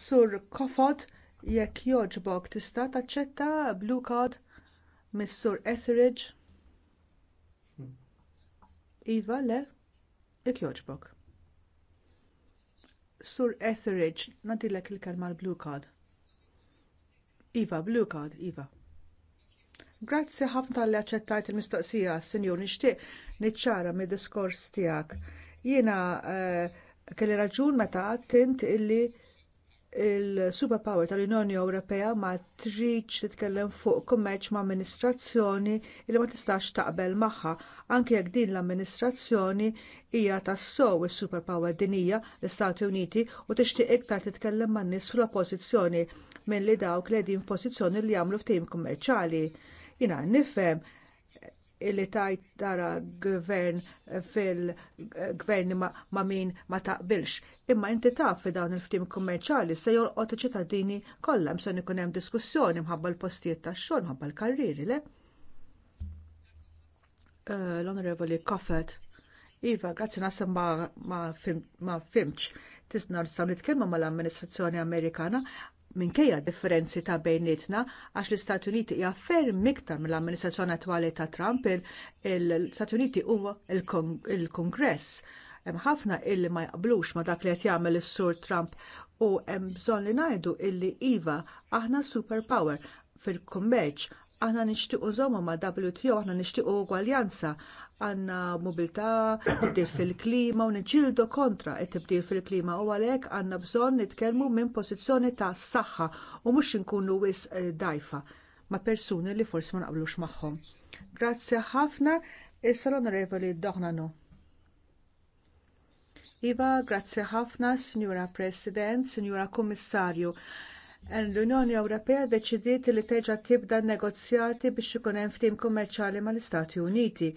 Sur Kofod, jekk jogħġbok tista' taċċetta Blue Card mis-Sur Etheridge. Iva, le, jekk jogħġbok. Sur Etheridge, nadilek il-kelma l-Blue Card. Iva, Blue Card, Iva. Grazzi ħafna li aċċettajt il-mistoqsija, Sinjur, nixtieq niċċara mid-diskors tiegħek. Jiena eh, kelli raġun meta tint illi il-superpower tal-Unjoni Ewropea ma tridx titkellem fuq kummerċ ma' amministrazzjoni li ma tistax taqbel magħha anke jekk din l-amministrazzjoni hija sew is-superpower dinija l-Istati Uniti u tixtieq iktar titkellem man nies fl-oppożizzjoni milli dawk li qegħdin f'pożizzjoni li jagħmlu ftehim kummerċjali Jina nifhem illi tajt tara gvern fil-gvern ma, min ma taqbilx. Imma inti taf fi dawn il-ftim kummerċali se jolqot ċittadini kollha Se ikun hemm diskussjoni mħabba l-postijiet tax-xogħol, mħabba l-karriri le. Eh, L-Onorevoli Koffet. Iva, grazzi nasem ma, ma, fim, ma fimċ. Tisna nistaw mal-amministrazzjoni Amerikana minkejja differenzi ta' bejnietna għax l-Istati Uniti hija ferm iktar mill-amministrazzjoni attwali ta' Trump l-Istati Uniti huwa il-Kongress. Hemm ħafna illi ma jaqblux ma dak li qed jagħmel is-sur Trump u hemm bżonn li ngħidu illi iva aħna superpower fil-kummerċ aħna nixtiequ żomma ma' WTO, aħna nixtiequ ugwaljanza, għanna mobilità, tibdil fil-klima u niġġieldu kontra t tibdil fil-klima u għalhekk għandna bżonn nitkellmu minn pożizzjoni ta' saħħa u mhux inkunu wis eh, dajfa ma' persuni li forsi ma naqblux magħhom. Grazzi ħafna, issa l-Onorevoli Doħnanu. Iva, grazzi ħafna, Signora President, Signora Kommissarju L-Unjoni Ewropea ddeċidiet li teġa tibda n negozjati biex ikun hemm ftim kummerċjali mal-Istati Uniti.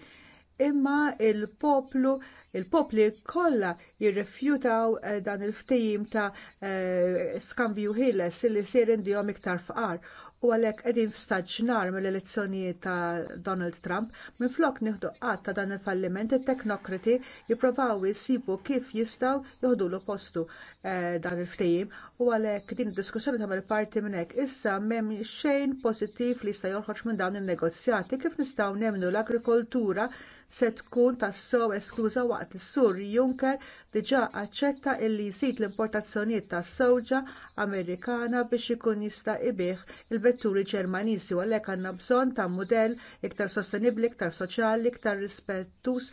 Imma il-poplu il-popli kollha jirrifjutaw eh, dan il-ftehim ta' eh, skambju ħiles li jsir indihom iktar faqar u għalhekk qegħdin f'staġnar mill-elezzjonijiet ta' Donald Trump, minflok nieħdu qatt ta' dan il-falliment it-teknokrati jippruvaw isibu kif jistgħu joħdulu postu eh, dan il-ftehim u għalhekk din id-diskussjoni tagħmel parti minn hekk. Issa m'hemm xejn pożittiv li jista' jorħoġ minn dawn in-negozjati kif nistgħu nemmnu l-agrikoltura se tkun tassew eskluża waqt is sur Juncker diġà aċċetta li jsid l-importazzjonijiet tas-sewġa Amerikana biex ikun jista' ibih il-vetturi Ġermaniżi u għalhekk għandna bżonn ta' mudell iktar sostenibbli, iktar soċjali, iktar rispettuż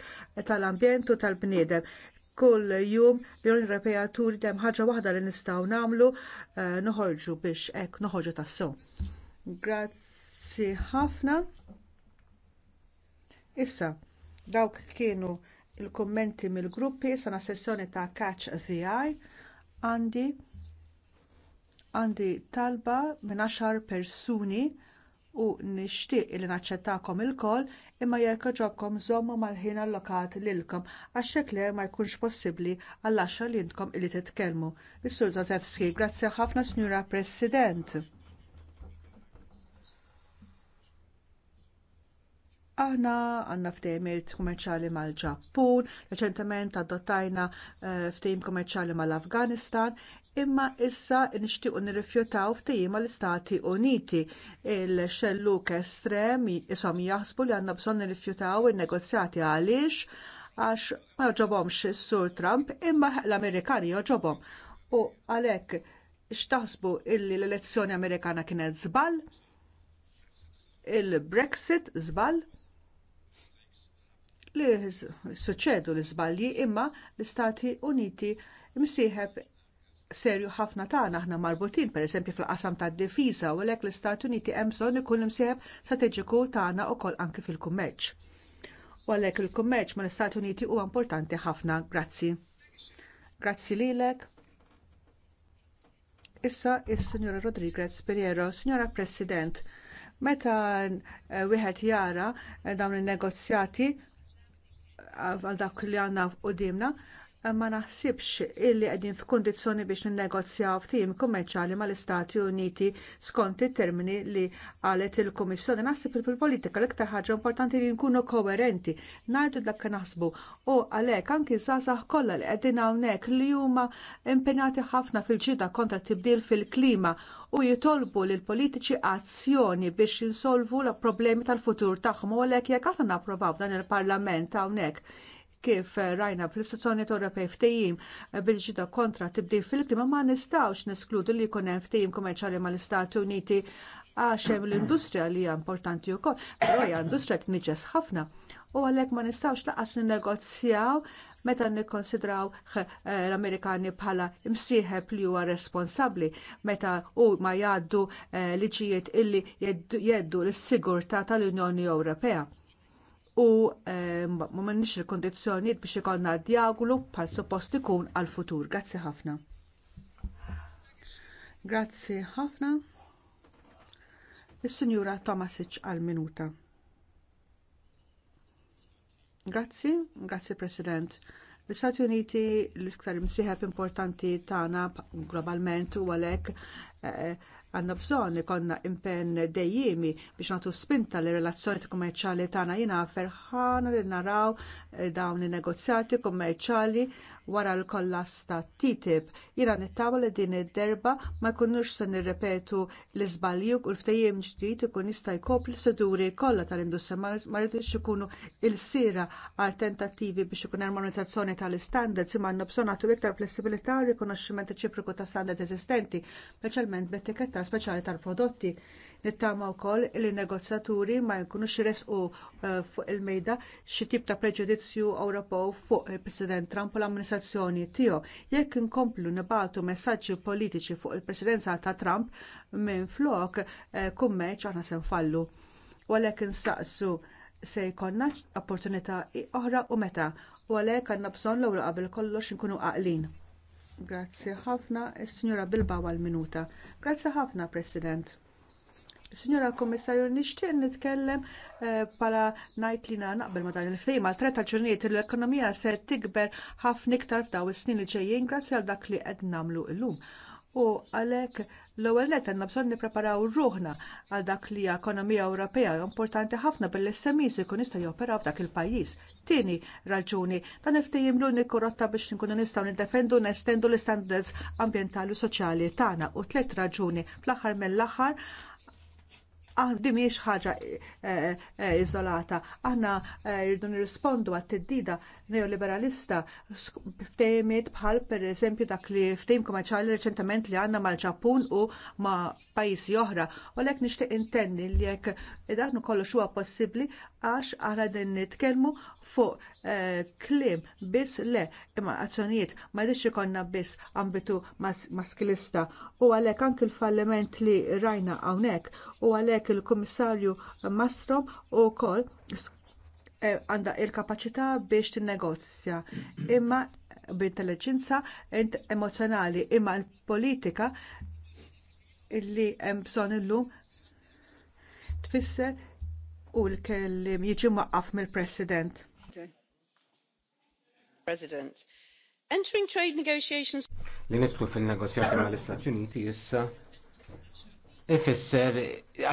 tal-ambjent u tal-bniedem kull jum l-Unjoni Ewropea turi dem ħaġa waħda li nistgħu nagħmlu eh, noħorġu biex hekk noħorġu tassew. Grazzi ħafna. Issa, Dawk kienu l kummenti mill-gruppi sana sessjoni ta' Catch the Eye għandi għandi talba minn għaxar persuni u nixtieq li naċċettakom ilkoll imma jekk ġobkom żommu mal-ħin allokat lilkom għax hekk hemm ma jkunx possibbli għall-10 li intkom li titkellmu. Is-Sur Tatevski, grazzi ħafna Sinjura President. Aħna għandna ftejmijiet kummerċali mal-Ġappun, reċentement adottajna eh, ftehim kummerċali mal-Afganistan, imma issa nixtiequ nirrifjutaw ftejim mal-Istati Uniti. Il-xelluk estrem isom jaħsbu li għandna bżonn nirrifjutaw in-negozjati għaliex għax ma joġobomx sur Trump imma l-Amerikani joġobhom. U għalhekk xtaħsbu illi l-elezzjoni Amerikana kienet żball, il-Brexit żball, li suċedu l-iżbalji imma l-Istati Uniti msieħeb serju ħafna tagħna aħna marbutin pereżempju fil-qasam tad-difiża u għalhekk l-Istati Uniti hemm bżonn ikun imsieħeb strateġiku tagħna wkoll anke fil-kummerċ. U għalhekk il-kummerċ mal-Istati Uniti huwa importanti ħafna. Grazzi. Grazzi lilek. Issa is-Sinjora Rodriguez Periero, Signora President, meta eh, wieħed jara eh, dawn in-negozjati għal dak li għandna u ma naħsibx illi qegħdin f'kundizzjoni biex ninnegozjaw ftim kummerċjali mal-Istati Uniti skont it-termini li qalet il-Kummissjoni. Naħseb li fil-politika l-iktar ħaġa importanti li nkunu koerenti, ngħidu dak naħsbu u għalhekk anki żgħażagħ kollha li qegħdin hawnhekk li huma impenjati ħafna fil-ġida kontra tibdil fil-klima u jitolbu lill politiċi azzjoni biex jinsolvu l-problemi tal-futur tagħhom u għalhekk jekk aħna napprovaw dan il-Parlament hawnhekk kif rajna fl-istituzzjoni Ewropej ftehim bil ġita kontra tibdil fil-klima ma nistgħux neskludu li jkun hemm ftehim kummerċjali mal-Istati Uniti għax hemm l-industrija li hija importanti wkoll, però hija industrija tniġġes ħafna u għalhekk ma nistgħux laqas ninnegozjaw meta nikkonsidraw eh, l-Amerikani bħala msieħeb li huwa responsabbli meta u ma jgħaddu eh, liġijiet illi jeddu l-sigurtà tal-Unjoni Ewropea u ehm, ma mannix il-kondizjoniet biex ikollna diaglu bħal suppost ikun għal-futur. Grazzi ħafna. Grazzi ħafna. Is-Sinjura Tomasic għal-minuta. Grazzi, grazzi President. L-Istati Uniti l-iktar imsieħeb importanti tagħna globalment u għalhekk eh, għandna bżonn ikollna impenn dejjimi biex nagħtu spinta lir relazzjoni kummerċjali tagħna jina ferħan li naraw eh, dawn in-negozjati kummerċjali wara l-kollas TTIP. Jiena nittama li din id-derba ma jkunux se nirrepetu l-iżbalji u l-ftehim ġdid ikun jista' jkopri seduri kollha tal-industrija ma rridux ikunu il-sira għal tentattivi biex ikun armonizzazzjoni tal-istandards imma għandna bżonn nagħtu iktar flessibilità u rikonoxximent reċiproku ta' standards eżistenti, speċjalment b'etiketta iktar speċjali tal-prodotti. Nittama wkoll li n negozjaturi ma jkunux resqu eh, fuq il-mejda xi tip ta' preġudizzju Ewropew fuq il-President Trump u l-amministrazzjoni tiegħu. Jekk inkomplu nibagħtu messaġġi politiċi fuq il-presidenza ta' Trump minflok eh, kummerċ aħna se nfallu. U għalhekk insaqsu se jkollna opportunità oħra u meta u għalhekk għandna bżonn l-ewwel bil kollox inkunu għaqlin. Grazzi ħafna, il-Signora Bilba għal-minuta. Grazzi ħafna, President. Signora Komissarju, nixtieq nitkellem bħala eh, najt li naqbel ma dan il-ftehim għal tret ġurnijiet l-ekonomija se tikber ħafna iktar f'daw is-snin li ġejjin grazzi għal dak li qed nagħmlu llum u għalhekk l-ewwel nett għandna bżonn nippreparaw ruħna għal dak li hija ekonomija Ewropea importanti ħafna bil-SMEs jkun jista' jopera f'dak il-pajjiż. Tieni raġuni dan iftejjem l-uniku rotta biex nkunu nistgħu niddefendu nestendu l-istandards ambjentali u soċjali tagħna u tliet raġuni fl-aħħar mill-aħħar għandi miex ħaġa eh, eh, iżolata. Aħna eh, rridu nirrispondu għat tiddida neoliberalista ftejmiet bħal pereżempju dak li ftejm komerċali reċentament li għandna mal-ġapun u ma' pajjiżi oħra. U lek nixtieq intenni li jekk dan kollox huwa possibbli għax aħna din nitkellmu fuq eh, kliem biss le imma azzjonijiet ma jridx ikollna biss ambitu maskilista u għalhekk anki l-falliment li rajna hawnhekk u għalhekk il-Kummissarju Mastrom ukoll eh, għandha l kapaċità biex tinnegozja imma b'intelligenza emozjonali imma l-politika illi hemm bżonn illum tfisser u l-kellim jiġi maqqaf mill-President. President. Entering trade negotiations. Li nidħlu fin-negozjati mal-Istati Uniti issa ifisser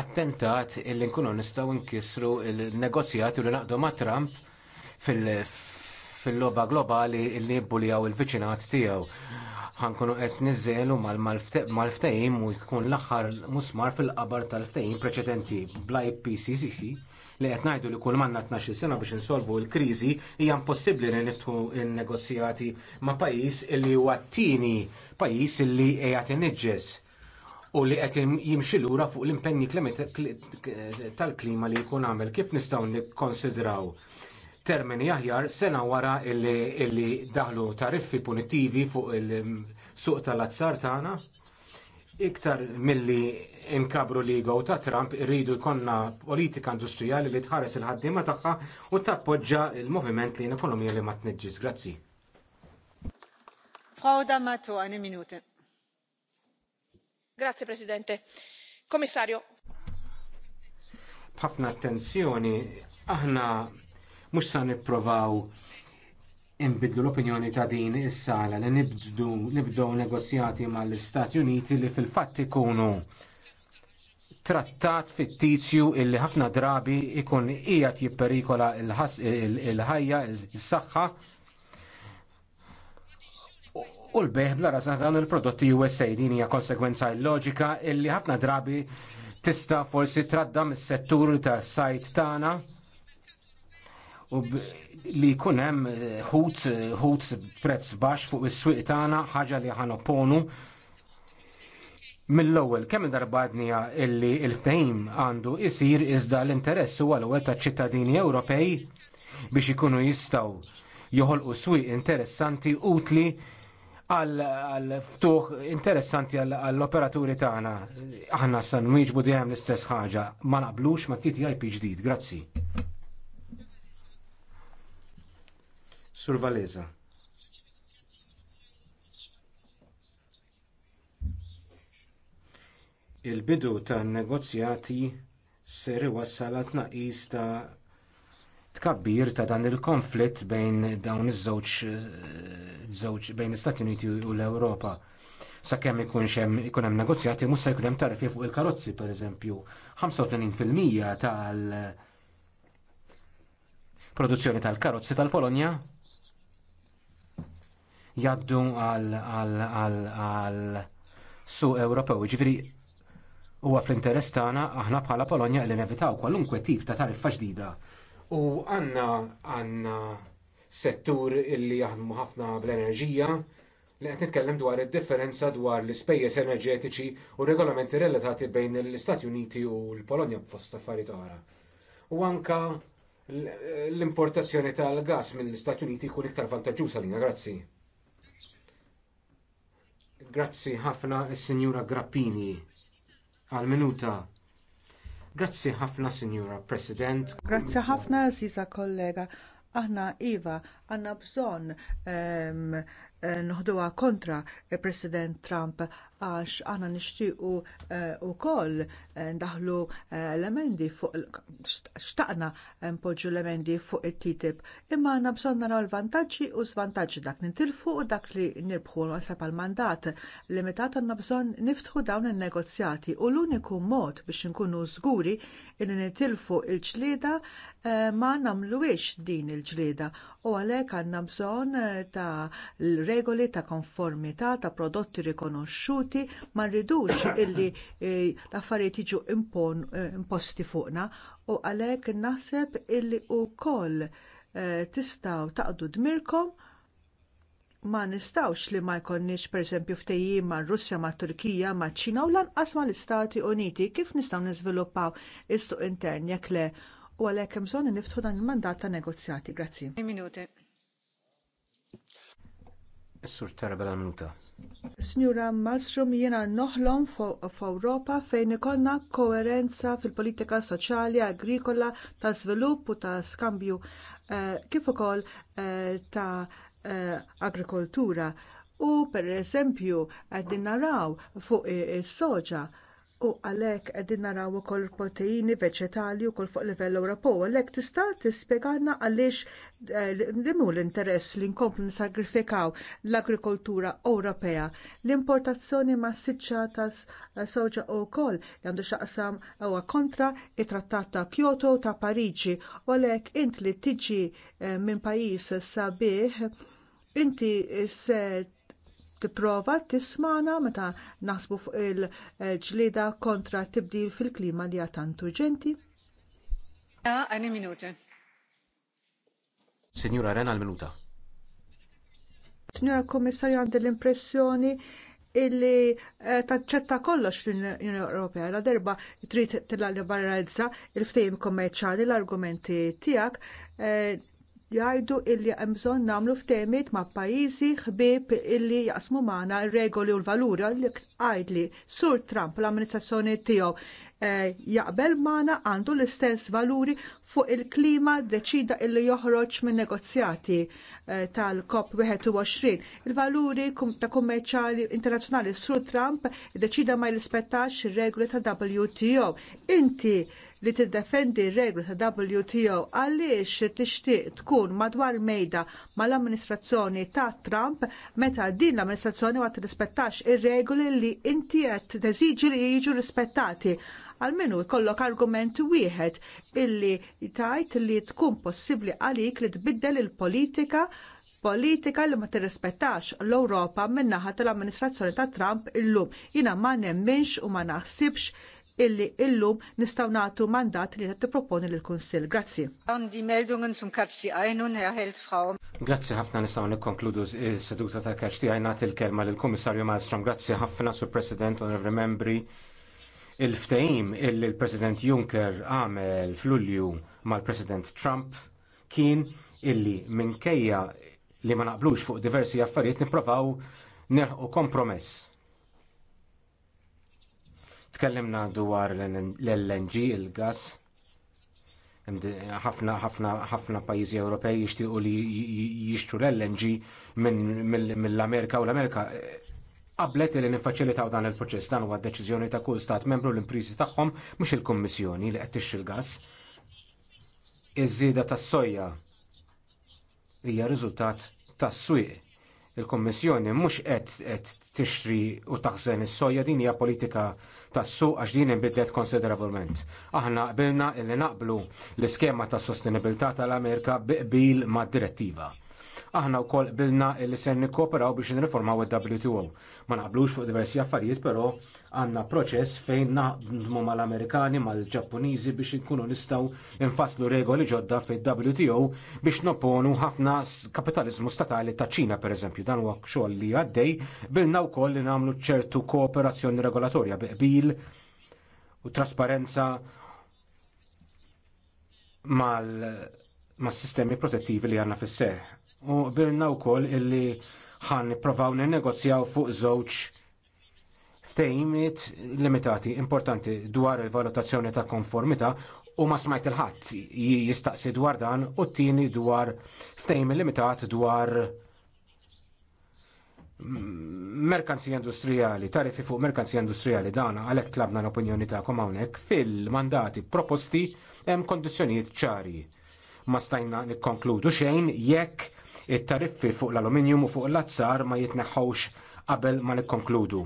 attentat illi nkunu nistgħu nkissru il-negozjati li naqdu ma' Trump fil-logħba globali illi jibbulijaw il-viċinat tiegħu. Ħankunu qed niżelu mal-ftehim u jkun l-aħħar musmar fil-qabar tal-ftehim preċedenti bla IPCC li qed ngħidu li kull manna 12 sena biex insolvu l-kriżi hija impossibbli li niftħu n-negozjati ma' pajjiż illi huwa t-tieni pajjiż illi qiegħed inniġġes u li qed jimxi lura fuq l-impenni tal-klima li jkun għamel kif nistgħu nikkonsidraw termini aħjar sena wara illi daħlu tariffi punittivi fuq il-suq tal-azzar tagħna? iktar milli inkabru l ego ta' Trump irridu jkollna politika industrijali li tħares il-ħaddiema tagħha u tappoġġa l moviment l ekonomija li ma tneġġis. Grazzi. Frau D'Amato, għani minute. Grazie, Presidente. Komissarju. B'ħafna attenzjoni, aħna mhux sa nipprovaw inbidlu l-opinjoni ta' din is-sala li nibdu nibdew negozjati mal-Istati Uniti li fil-fatt ikunu trattat fittizju illi ħafna drabi ikun qiegħed jipperikola il-ħajja, is-saħħa u l-beħ bla rażna dan il-prodotti USA din hija konsegwenza illoġika illi ħafna drabi tista' forsi tradda mis-settur tas-sajt tagħna u li jkun hemm hut eh, eh, prezz baxx fuq is-swieq tagħna ħaġa li ħan opponu mill-ewwel kemm darba għadnija illi l-ftehim għandu isir iżda l-interess huwa l-ewwel taċ-ċittadini Ewropej biex ikunu jistgħu joħolqu swiq interessanti utli għal ftuħ interessanti għall operaturi tagħna. Aħna san nwieġbu dejjem l-istess ħaġa, ma naqblux ma TTIP ġdid, grazzi. Sur Valesa. Il-bidu tan negozjati ser iwassal għatnaqis ta' tkabbir ta' dan il-konflitt bejn dawn iż-żewġ bejn l-Istati Uniti u l-Ewropa. Sakemm ikun hemm ikun hemm negozjati mhux se jkun hemm tarfi fuq il-karozzi pereżempju. 85% tal produzzjoni tal-karozzi tal-Polonja jaddu għal su Ewropew. Ġifieri huwa fl-interess tagħna aħna bħala Polonja li nevitaw kwalunkwe tip ta' tariffa ġdida. U għandna għandna settur illi jaħdmu ħafna bl-enerġija, li qed nitkellem dwar id-differenza dwar l-ispejjeż enerġetiċi u regolamenti relatati bejn l-Istati Uniti u l-Polonja b'fost affarijiet oħra. U anke l-importazzjoni tal-gas mill-Istati Uniti jkun iktar vantaġġuż għalina, grazzi. Grazzi ħafna Signora sinjura Grappini għal minuta. Grazzi ħafna Sinjura President. Grazzi ħafna Sisa kollega. Aħna Iva, għanna bżonn um, ehm, eh, kontra eh, President Trump għax aħna nixtiequ wkoll eh, eh, ndaħlu eh, l-emendi fuq xtaqna npoġġu l-emendi fuq it-TTIP imma għandna bżonn naraw l-vantaġġi u żvantaġġi dak nintilfu u dak li nirbħu wasab għal mandat limitat għandna bżonn niftħu dawn in-negozjati u l-uniku mod biex inkunu żguri li nitilfu l ġlieda ma nagħmluhiex din il-ġlieda u għalhekk għandna bżonn ta' regoli ta' konformità ta' prodotti rikonoxxuti involuti ma rridux illi eh, l-affarijiet jiġu eh, imposti fuqna u għalhekk naħseb illi wkoll eh, tistgħu taqdu dmirkom ma nistgħux li ma jkollniex pereżempju ftehim mar Russja mat Turkija maċ Ċina u lanqas mal istati Uniti kif nistgħu niżviluppaw is-suq intern jekk le u għalhekk hemm bżonn niftħu dan il-mandat ta' negozjati. Grazzi. Minuti. Sur Tarabella Minuta. Signora Malmström, jiena noħlom f'Ewropa fejn ikollna koerenza fil-politika soċjali, agrikola, ta' sviluppu, ta' skambju eh, kif ukoll eh, ta' eh, agrikoltura. U pereżempju qegħdin naraw fuq is-soġa u għalhekk qegħdin naraw ukoll proteini veġetali wkoll fuq livell Ewropew, għalhekk tista' tispjegana għaliex eh, li mhu l-interess li nkomplu nisagrifikaw l-agrikoltura Ewropea. L-importazzjoni massiċċa ta' eh, soġa wkoll li għandu xaqsam huwa kontra it-Trattat ta' Kyoto ta' Pariġi u għalhekk int li tiġi eh, minn pajjiż sabiħ inti se tipprova tismana meta naħsbu fuq il-ġlieda kontra tibdil fil-klima li tant urġenti. Għani minuta. Signora Rena l-minuta. Signora Komissarju għandi l-impressjoni illi eh, taċċetta kollox l-Unjoni Ewropea la derba trid tilla liberalizza il-ftehim kommerċjali l-argumenti tiegħek eh, jgħidu illi hemm bżonn nagħmlu ftehmiet ma' pajjiżi ħbieb illi jaqsmu magħna r-regoli u l-valuri li għajdli sur Trump l-amministrazzjoni tiegħu eh, jaqbel magħna għandu l-istess valuri fuq il-klima deċida illi joħroġ minn negozjati eh, tal-COP 21. Il-valuri ta' kummerċali internazzjonali sur Trump deċida ma jrispettax ir-regoli ta' WTO. Inti li tiddefendi r-regru ta' WTO għaliex tixtieq tkun madwar mejda mal-amministrazzjoni ta' Trump meta din l-amministrazzjoni ma tirrispettax ir-regoli li inti qed teżiġi li jiġu rispettati għalmenu jkollok argument wieħed illi tajt li tkun possibbli għalik li tbiddel il-politika politika li ma tirrispettax l-Ewropa min-naħa tal-amministrazzjoni ta' Trump illum. Jiena ma nemminx u ma naħsibx illi illum nistgħu nagħtu mandat li qed tipproponi lill kunsill Grazzi. Grazzi ħafna nistgħu nikkonkludu s-seduta ta' kaċ tiegħi nagħti l-kelma lill-Kummissarju Malstrom. Grazzi ħafna sur President Onorevoli Membri il-ftehim illi l-President Juncker għamel f'Lulju mal-President Trump kien illi minkejja li ma naqblux fuq diversi affarijiet nipprovaw nerħu kompromess. Tkellimna dwar l-LNG, il-gas. Ħafna ħafna ħafna pajjiżi Ewropej jixtiequ li jixtru l-LNG mill-Amerika u l-Amerika eh, qablet li nifaċilitaw dan il-proċess dan huwa deċiżjoni ta' kull stat membru l-imprizi tagħhom mhux il-Kummissjoni li qed tixxi l-gass. Iż-żieda tas-soja hija riżultat tas-swieq il-Kommissjoni mhux qed tixtri u taħżen is-soja din hija politika tas-suq għax din inbidlet konsiderevolment. Aħna qbilna li naqblu l-iskema tas sostenibilità tal-Amerika biqbil mad direttiva. Aħna wkoll bilna li ser nikkooperaw biex nirriformaw il-WTO. Ma naqblux fuq diversi affarijiet, però għandna proċess fejn naħdmu mal-Amerikani, mal-Ġappuniżi biex inkunu nistgħu nfasslu regoli ġodda fil-WTO biex nopponu ħafna kapitalizmu statali ta' Ċina, pereżempju. Dan huwa xogħol li għaddej bilna wkoll li nagħmlu ċertu kooperazzjoni regolatorja biqbil u trasparenza mal sistemi protettivi li għanna fis-seħ. U bilna wkoll illi ħan provaw negozjaw fuq żewġ ftejmiet limitati importanti dwar il-valutazzjoni ta' konformità u ma smajt il-ħadd jistaqsi dwar dan u t-tieni dwar ftejm limitat dwar merkanzi industrijali, tarifi fuq merkanzi industrijali dan għalhekk tlabna l-opinjoni ta' hawnhekk fil-mandati proposti hemm kondizzjonijiet ċari. Ma stajna nikkonkludu xejn jekk it-tariffi fuq l-aluminium u fuq l-azzar ma jitneħħawx qabel ma nikkonkludu.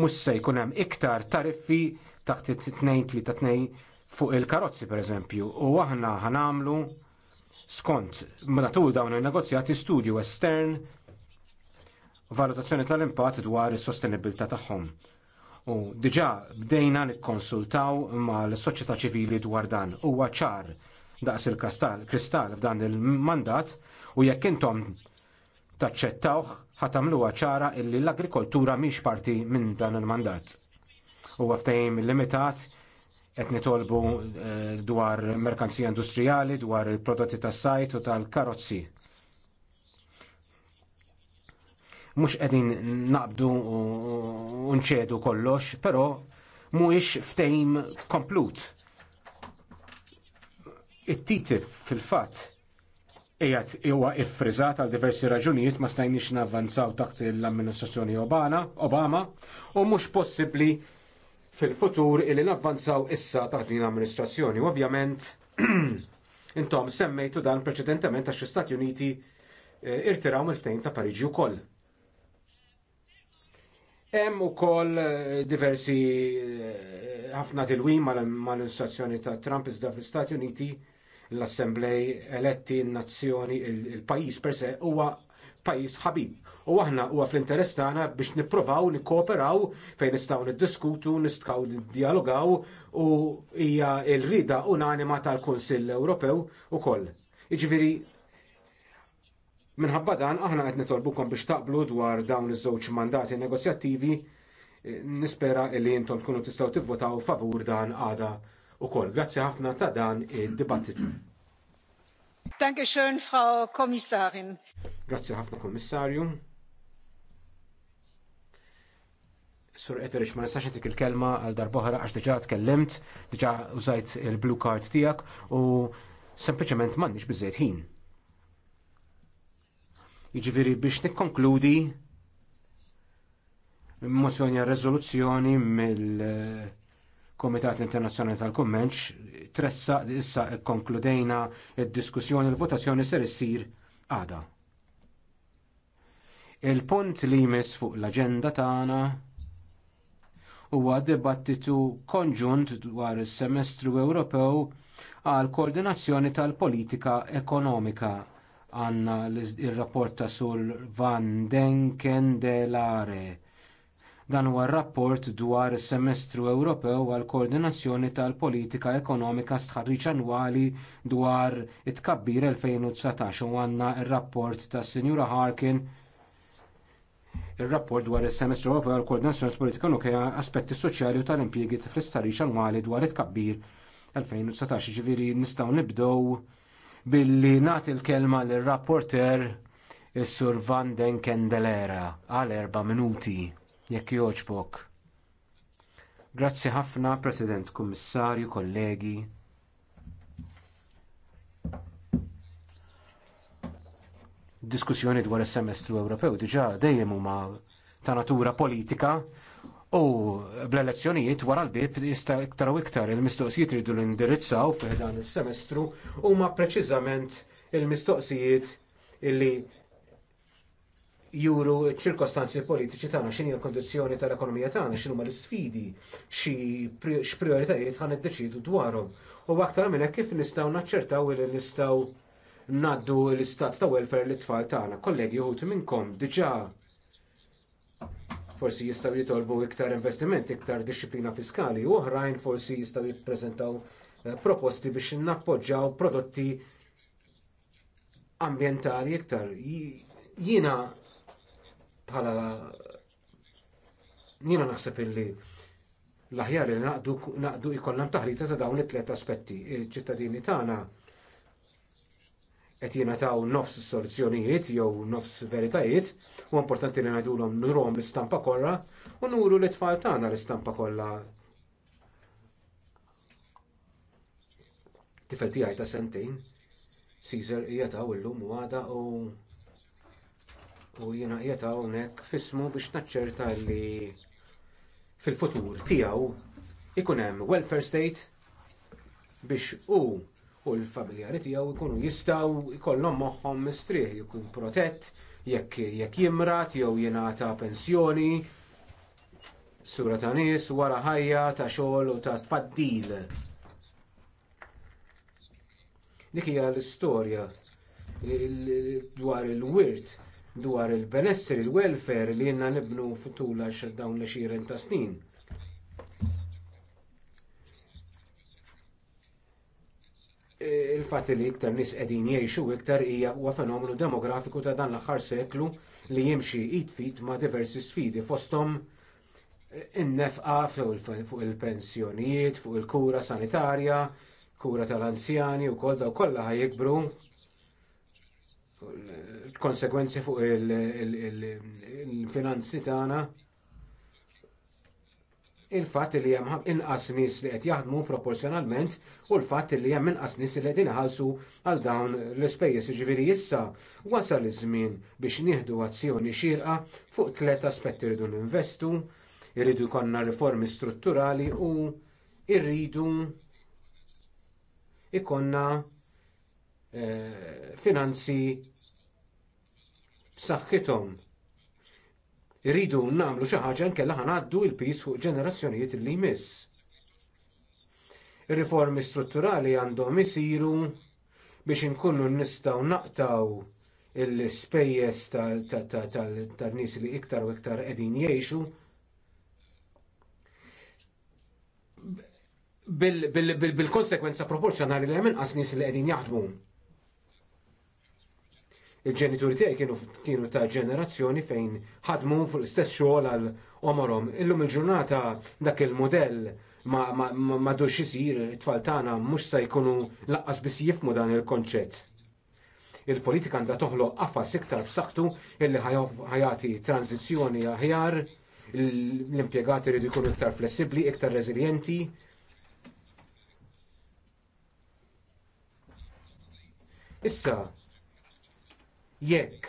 Mhux se jkun hemm iktar tariffi taħt it-2 fuq il-karozzi pereżempju u aħna ħanamlu skont matul dawn il-negozjati studju estern valutazzjoni tal-impatt dwar is-sostenibilità tagħhom. U diġà bdejna nikkonsultaw mal soċjetà ċivili dwar dan huwa ċar daqs il-kristall f'dan il-mandat U jekk intom taċċettawh ħatamluha ċara illi l-agrikoltura mhix parti minn dan il-mandat. U għaftajim limitat qed nitolbu eh, dwar merkanzija industrijali, dwar il-prodotti tas-sajt u tal-karozzi. Mhux qegħdin naqbdu u nċedu kollox, però mhuwiex ftehim komplut. it titib fil-fatt ejat huwa iffriżat għal diversi raġunijiet ma stajniex navvanzaw taħt l-amministrazzjoni Obama u mhux possibbli fil-futur illi navvanzaw issa taħt din l-amministrazzjoni. Ovvjament, intom semmejtu dan preċedentement għax l-Istati Uniti eh, irtiraw mill-ftejn ta' Pariġi wkoll. Hemm ukoll eh, diversi eh, ħafna tilwim mal-amministrazzjoni ta' Trump iżda fl-Istati Uniti l-assemblej eletti n-nazzjoni il-pajis per se huwa pajis ħabib. U aħna huwa fl-interess tagħna biex nippruvaw nikkooperaw fejn nistgħu niddiskutu, nistgħu niddialogaw u hija l-rida unanima tal-Kunsill Ewropew ukoll. Jiġifieri minħabba dan aħna qed nitolbukom biex taqblu dwar dawn iż-żewġ mandati negozjattivi nispera li intom tkunu tistgħu tivvotaw favur dan għada ukoll. Grazzi ħafna ta' dan id-dibattitu. Danke schön, Frau Kommissarin. Grazzi ħafna, Kommissarju. Sur Eterix, ma nistax intik il-kelma għal darboħra għax diġa tkellimt, diġa użajt il-blue card tijak u sempliciment mannix bizzejt ħin. Jiġifieri biex nikkonkludi mozzjoni għal rezoluzzjoni mill- Komitat Internazzjonali tal kummenċ tressa issa konkludejna id-diskussjoni l-votazzjoni ser issir għada. Il-punt li jmiss fuq l-aġenda tagħna huwa dibattitu konġunt dwar is-semestru Ewropew għal koordinazzjoni tal-politika ekonomika għandna ir rapport ta' sur Van Denken de Lare Dan huwa r-rapport dwar is-semestru Ewropew għal koordinazzjoni tal-politika ekonomika sħarriċ annwali dwar it-tkabbir 2019 u għandna r-rapport tas Sinjura Harkin ir-rapport dwar is-semestru Ewropew għal koordinazzjoni tal-politika ekonomika aspetti soċjali u tal-impjiegi fl-istħarriċ annwali dwar it-tkabbir 2019 ġifieri nistgħu nibdew billi nagħti l kelma lir rapporter sur Van Den Kendelera għal erba' minuti jekk jogħġbok. Grazzi ħafna, President Kummissarju, kollegi. Diskussjoni dwar is-semestru Ewropew diġà dejjem huma ta' natura politika u bl-elezzjonijiet wara l-bib jista' iktar u iktar il-mistoqsijiet ridu l-indirizzaw fih dan is-semestru huma preċiżament il-mistoqsijiet illi juru ċirkostanzi politiċi tagħna x'inhi l-kondizzjoni tal-ekonomija tagħna, x'inhu ma l-isfidi, x'prijoritajiet ħan iddeċidu dwarhom. U aktar minn hekk kif nistgħu naċċertaw li nistgħu naddu l-istat ta' welfare lit tfal tagħna. Kollegi uħut minnkom diġà forsi jistgħu jitolbu iktar investimenti, iktar disċiplina fiskali, u oħrajn forsi jistgħu jippreżentaw eh, proposti biex nappoġġaw prodotti ambjentali iktar. Jiena bħala jiena naħseb illi l-aħjar li naqdu, naqdu jkollam ta' dawn it-tlet aspetti. ċittadini tagħna qed jingħataw nofs soluzzjonijiet jew nofs veritajiet, u importanti li ngħidulhom nurhom l-istampa kollha u nuru l tfal tagħna l-istampa kollha. Tifel tiegħi ta' sentejn, Caesar hija taw illum u għada u u jiena qiegħed hawnhekk fismu biex naċċerta li fil-futur tiegħu ikun hemm welfare state biex hu u l-familjari tiegħu jkunu jistgħu jkollhom moħħhom mistrieħ jkun protett jekk jekk jimrat jew jingħata pensjoni sura ta' nies wara ħajja ta' xogħol u ta' tfaddil. Dik hija l-istorja dwar il-wirt dwar il-benessir, il-welfare li jenna nibnu futul għax dawn l xiren ta' snin. E, il-fat li iktar nies qegħdin jgħixu iktar hija huwa fenomenu demografiku ta' dan l-aħħar seklu li jimxi jitfit ma' diversi sfidi fosthom in-nefqa fuq il-pensjonijiet, fuq il-kura sanitarja, kura tal-anzjani u kol daw kollha ħajkbru konsegwenzi fuq il-finanzi tagħna il-fatt li hemm inqas nies li qed jaħdmu proporzjonalment u l-fatt li hemm inqas nies li qed inħallsu għal dawn l-ispejjeż jiġifieri issa wasal iż-żmien biex nieħdu azzjoni xierqa fuq tliet aspetti rridu ninvestu, irridu jkollna riformi strutturali u irridu ikonna eh, finanzi saħħithom. Irridu nagħmlu xi ħaġa nkella ħanaddu l-pis fuq ġenerazzjonijiet li jmiss. Ir-riformi strutturali għandhom isiru biex inkunu nistgħu naqtaw l-ispejjeż tan nies li iktar u iktar qegħdin jgħixu bil-konsekwenza proporzjonali li hemm inqas nies li qegħdin jaħdmu. Il-ġenituri tiegħi kienu kienu ta' ġenerazzjoni fejn ħadmu fuq l-istess xogħol għal omorhom. Illum il-ġurnata dak il-modell ma ma ma isir it-tfal tagħna mhux se jkunu laqqas biss jifmu dan il-konċett. Il-politika għandha toħloq qafas iktar b'saħħtu illi ħajati tranzizzjoni aħjar, l-impjegati jridu jkunu iktar flessibbli, iktar reżiljenti, Issa, Jekk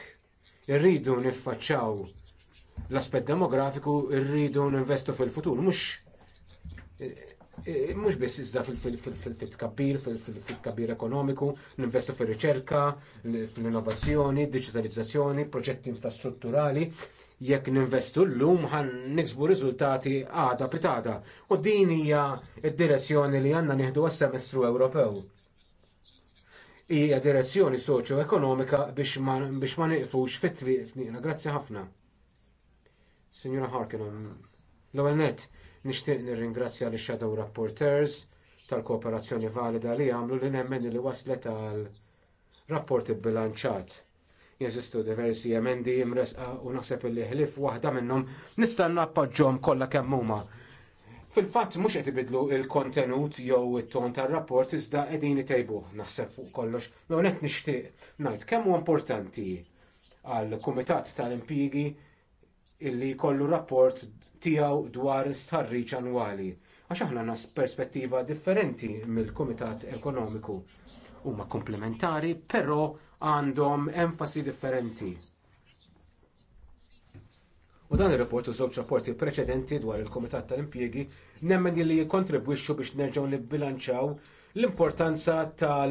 irridu niffaċċaw l-aspett demografiku, irridu ninvestu fil-futur, mhux eh, biss iżda fil-tkabbir, fil-tkabbir ekonomiku, ninvestu fir-riċerka, fil-innovazzjoni, diġitalizzazzjoni, proġetti infrastrutturali, jekk ninvestu llum ħan niksbu riżultati għada pitada. U din hija d direzzjoni li għandna nieħdu għas-semestru Ewropew hija direzzjoni soċjo-ekonomika biex ma nieqfux fit-triq fniqna. Grazzi ħafna. Signora Harkin, l-ewwel nett nixtieq nirringrazzja lix shadow rapporteurs tal-kooperazzjoni valida li għamlu li nemmen li waslet għal rapport bilanċat. Jeżistu diversi emendi imresqa u naħseb li ħlif waħda minnhom nista' nappaġġhom kollha kemm huma. Fil-fatt mhux qed ibidlu il-kontenut jew it-ton tar-rapport iżda qegħdin itejbuh naħseb fuq kollox. Jew qed nixtieq ngħid kemm huwa importanti għall kumitat tal-impjigi illi jkollu rapport tiegħu dwar is-sarriċ annwali għax aħna nas perspettiva differenti mill-Kumitat Ekonomiku. Huma komplementari, però għandhom enfasi differenti. U dan ir-rapport u żewġ rapporti preċedenti dwar il-Kumitat tal-Impjiegi nemmen li jikkontribwixxu biex nerġgħu nibbilanċaw l-importanza tal-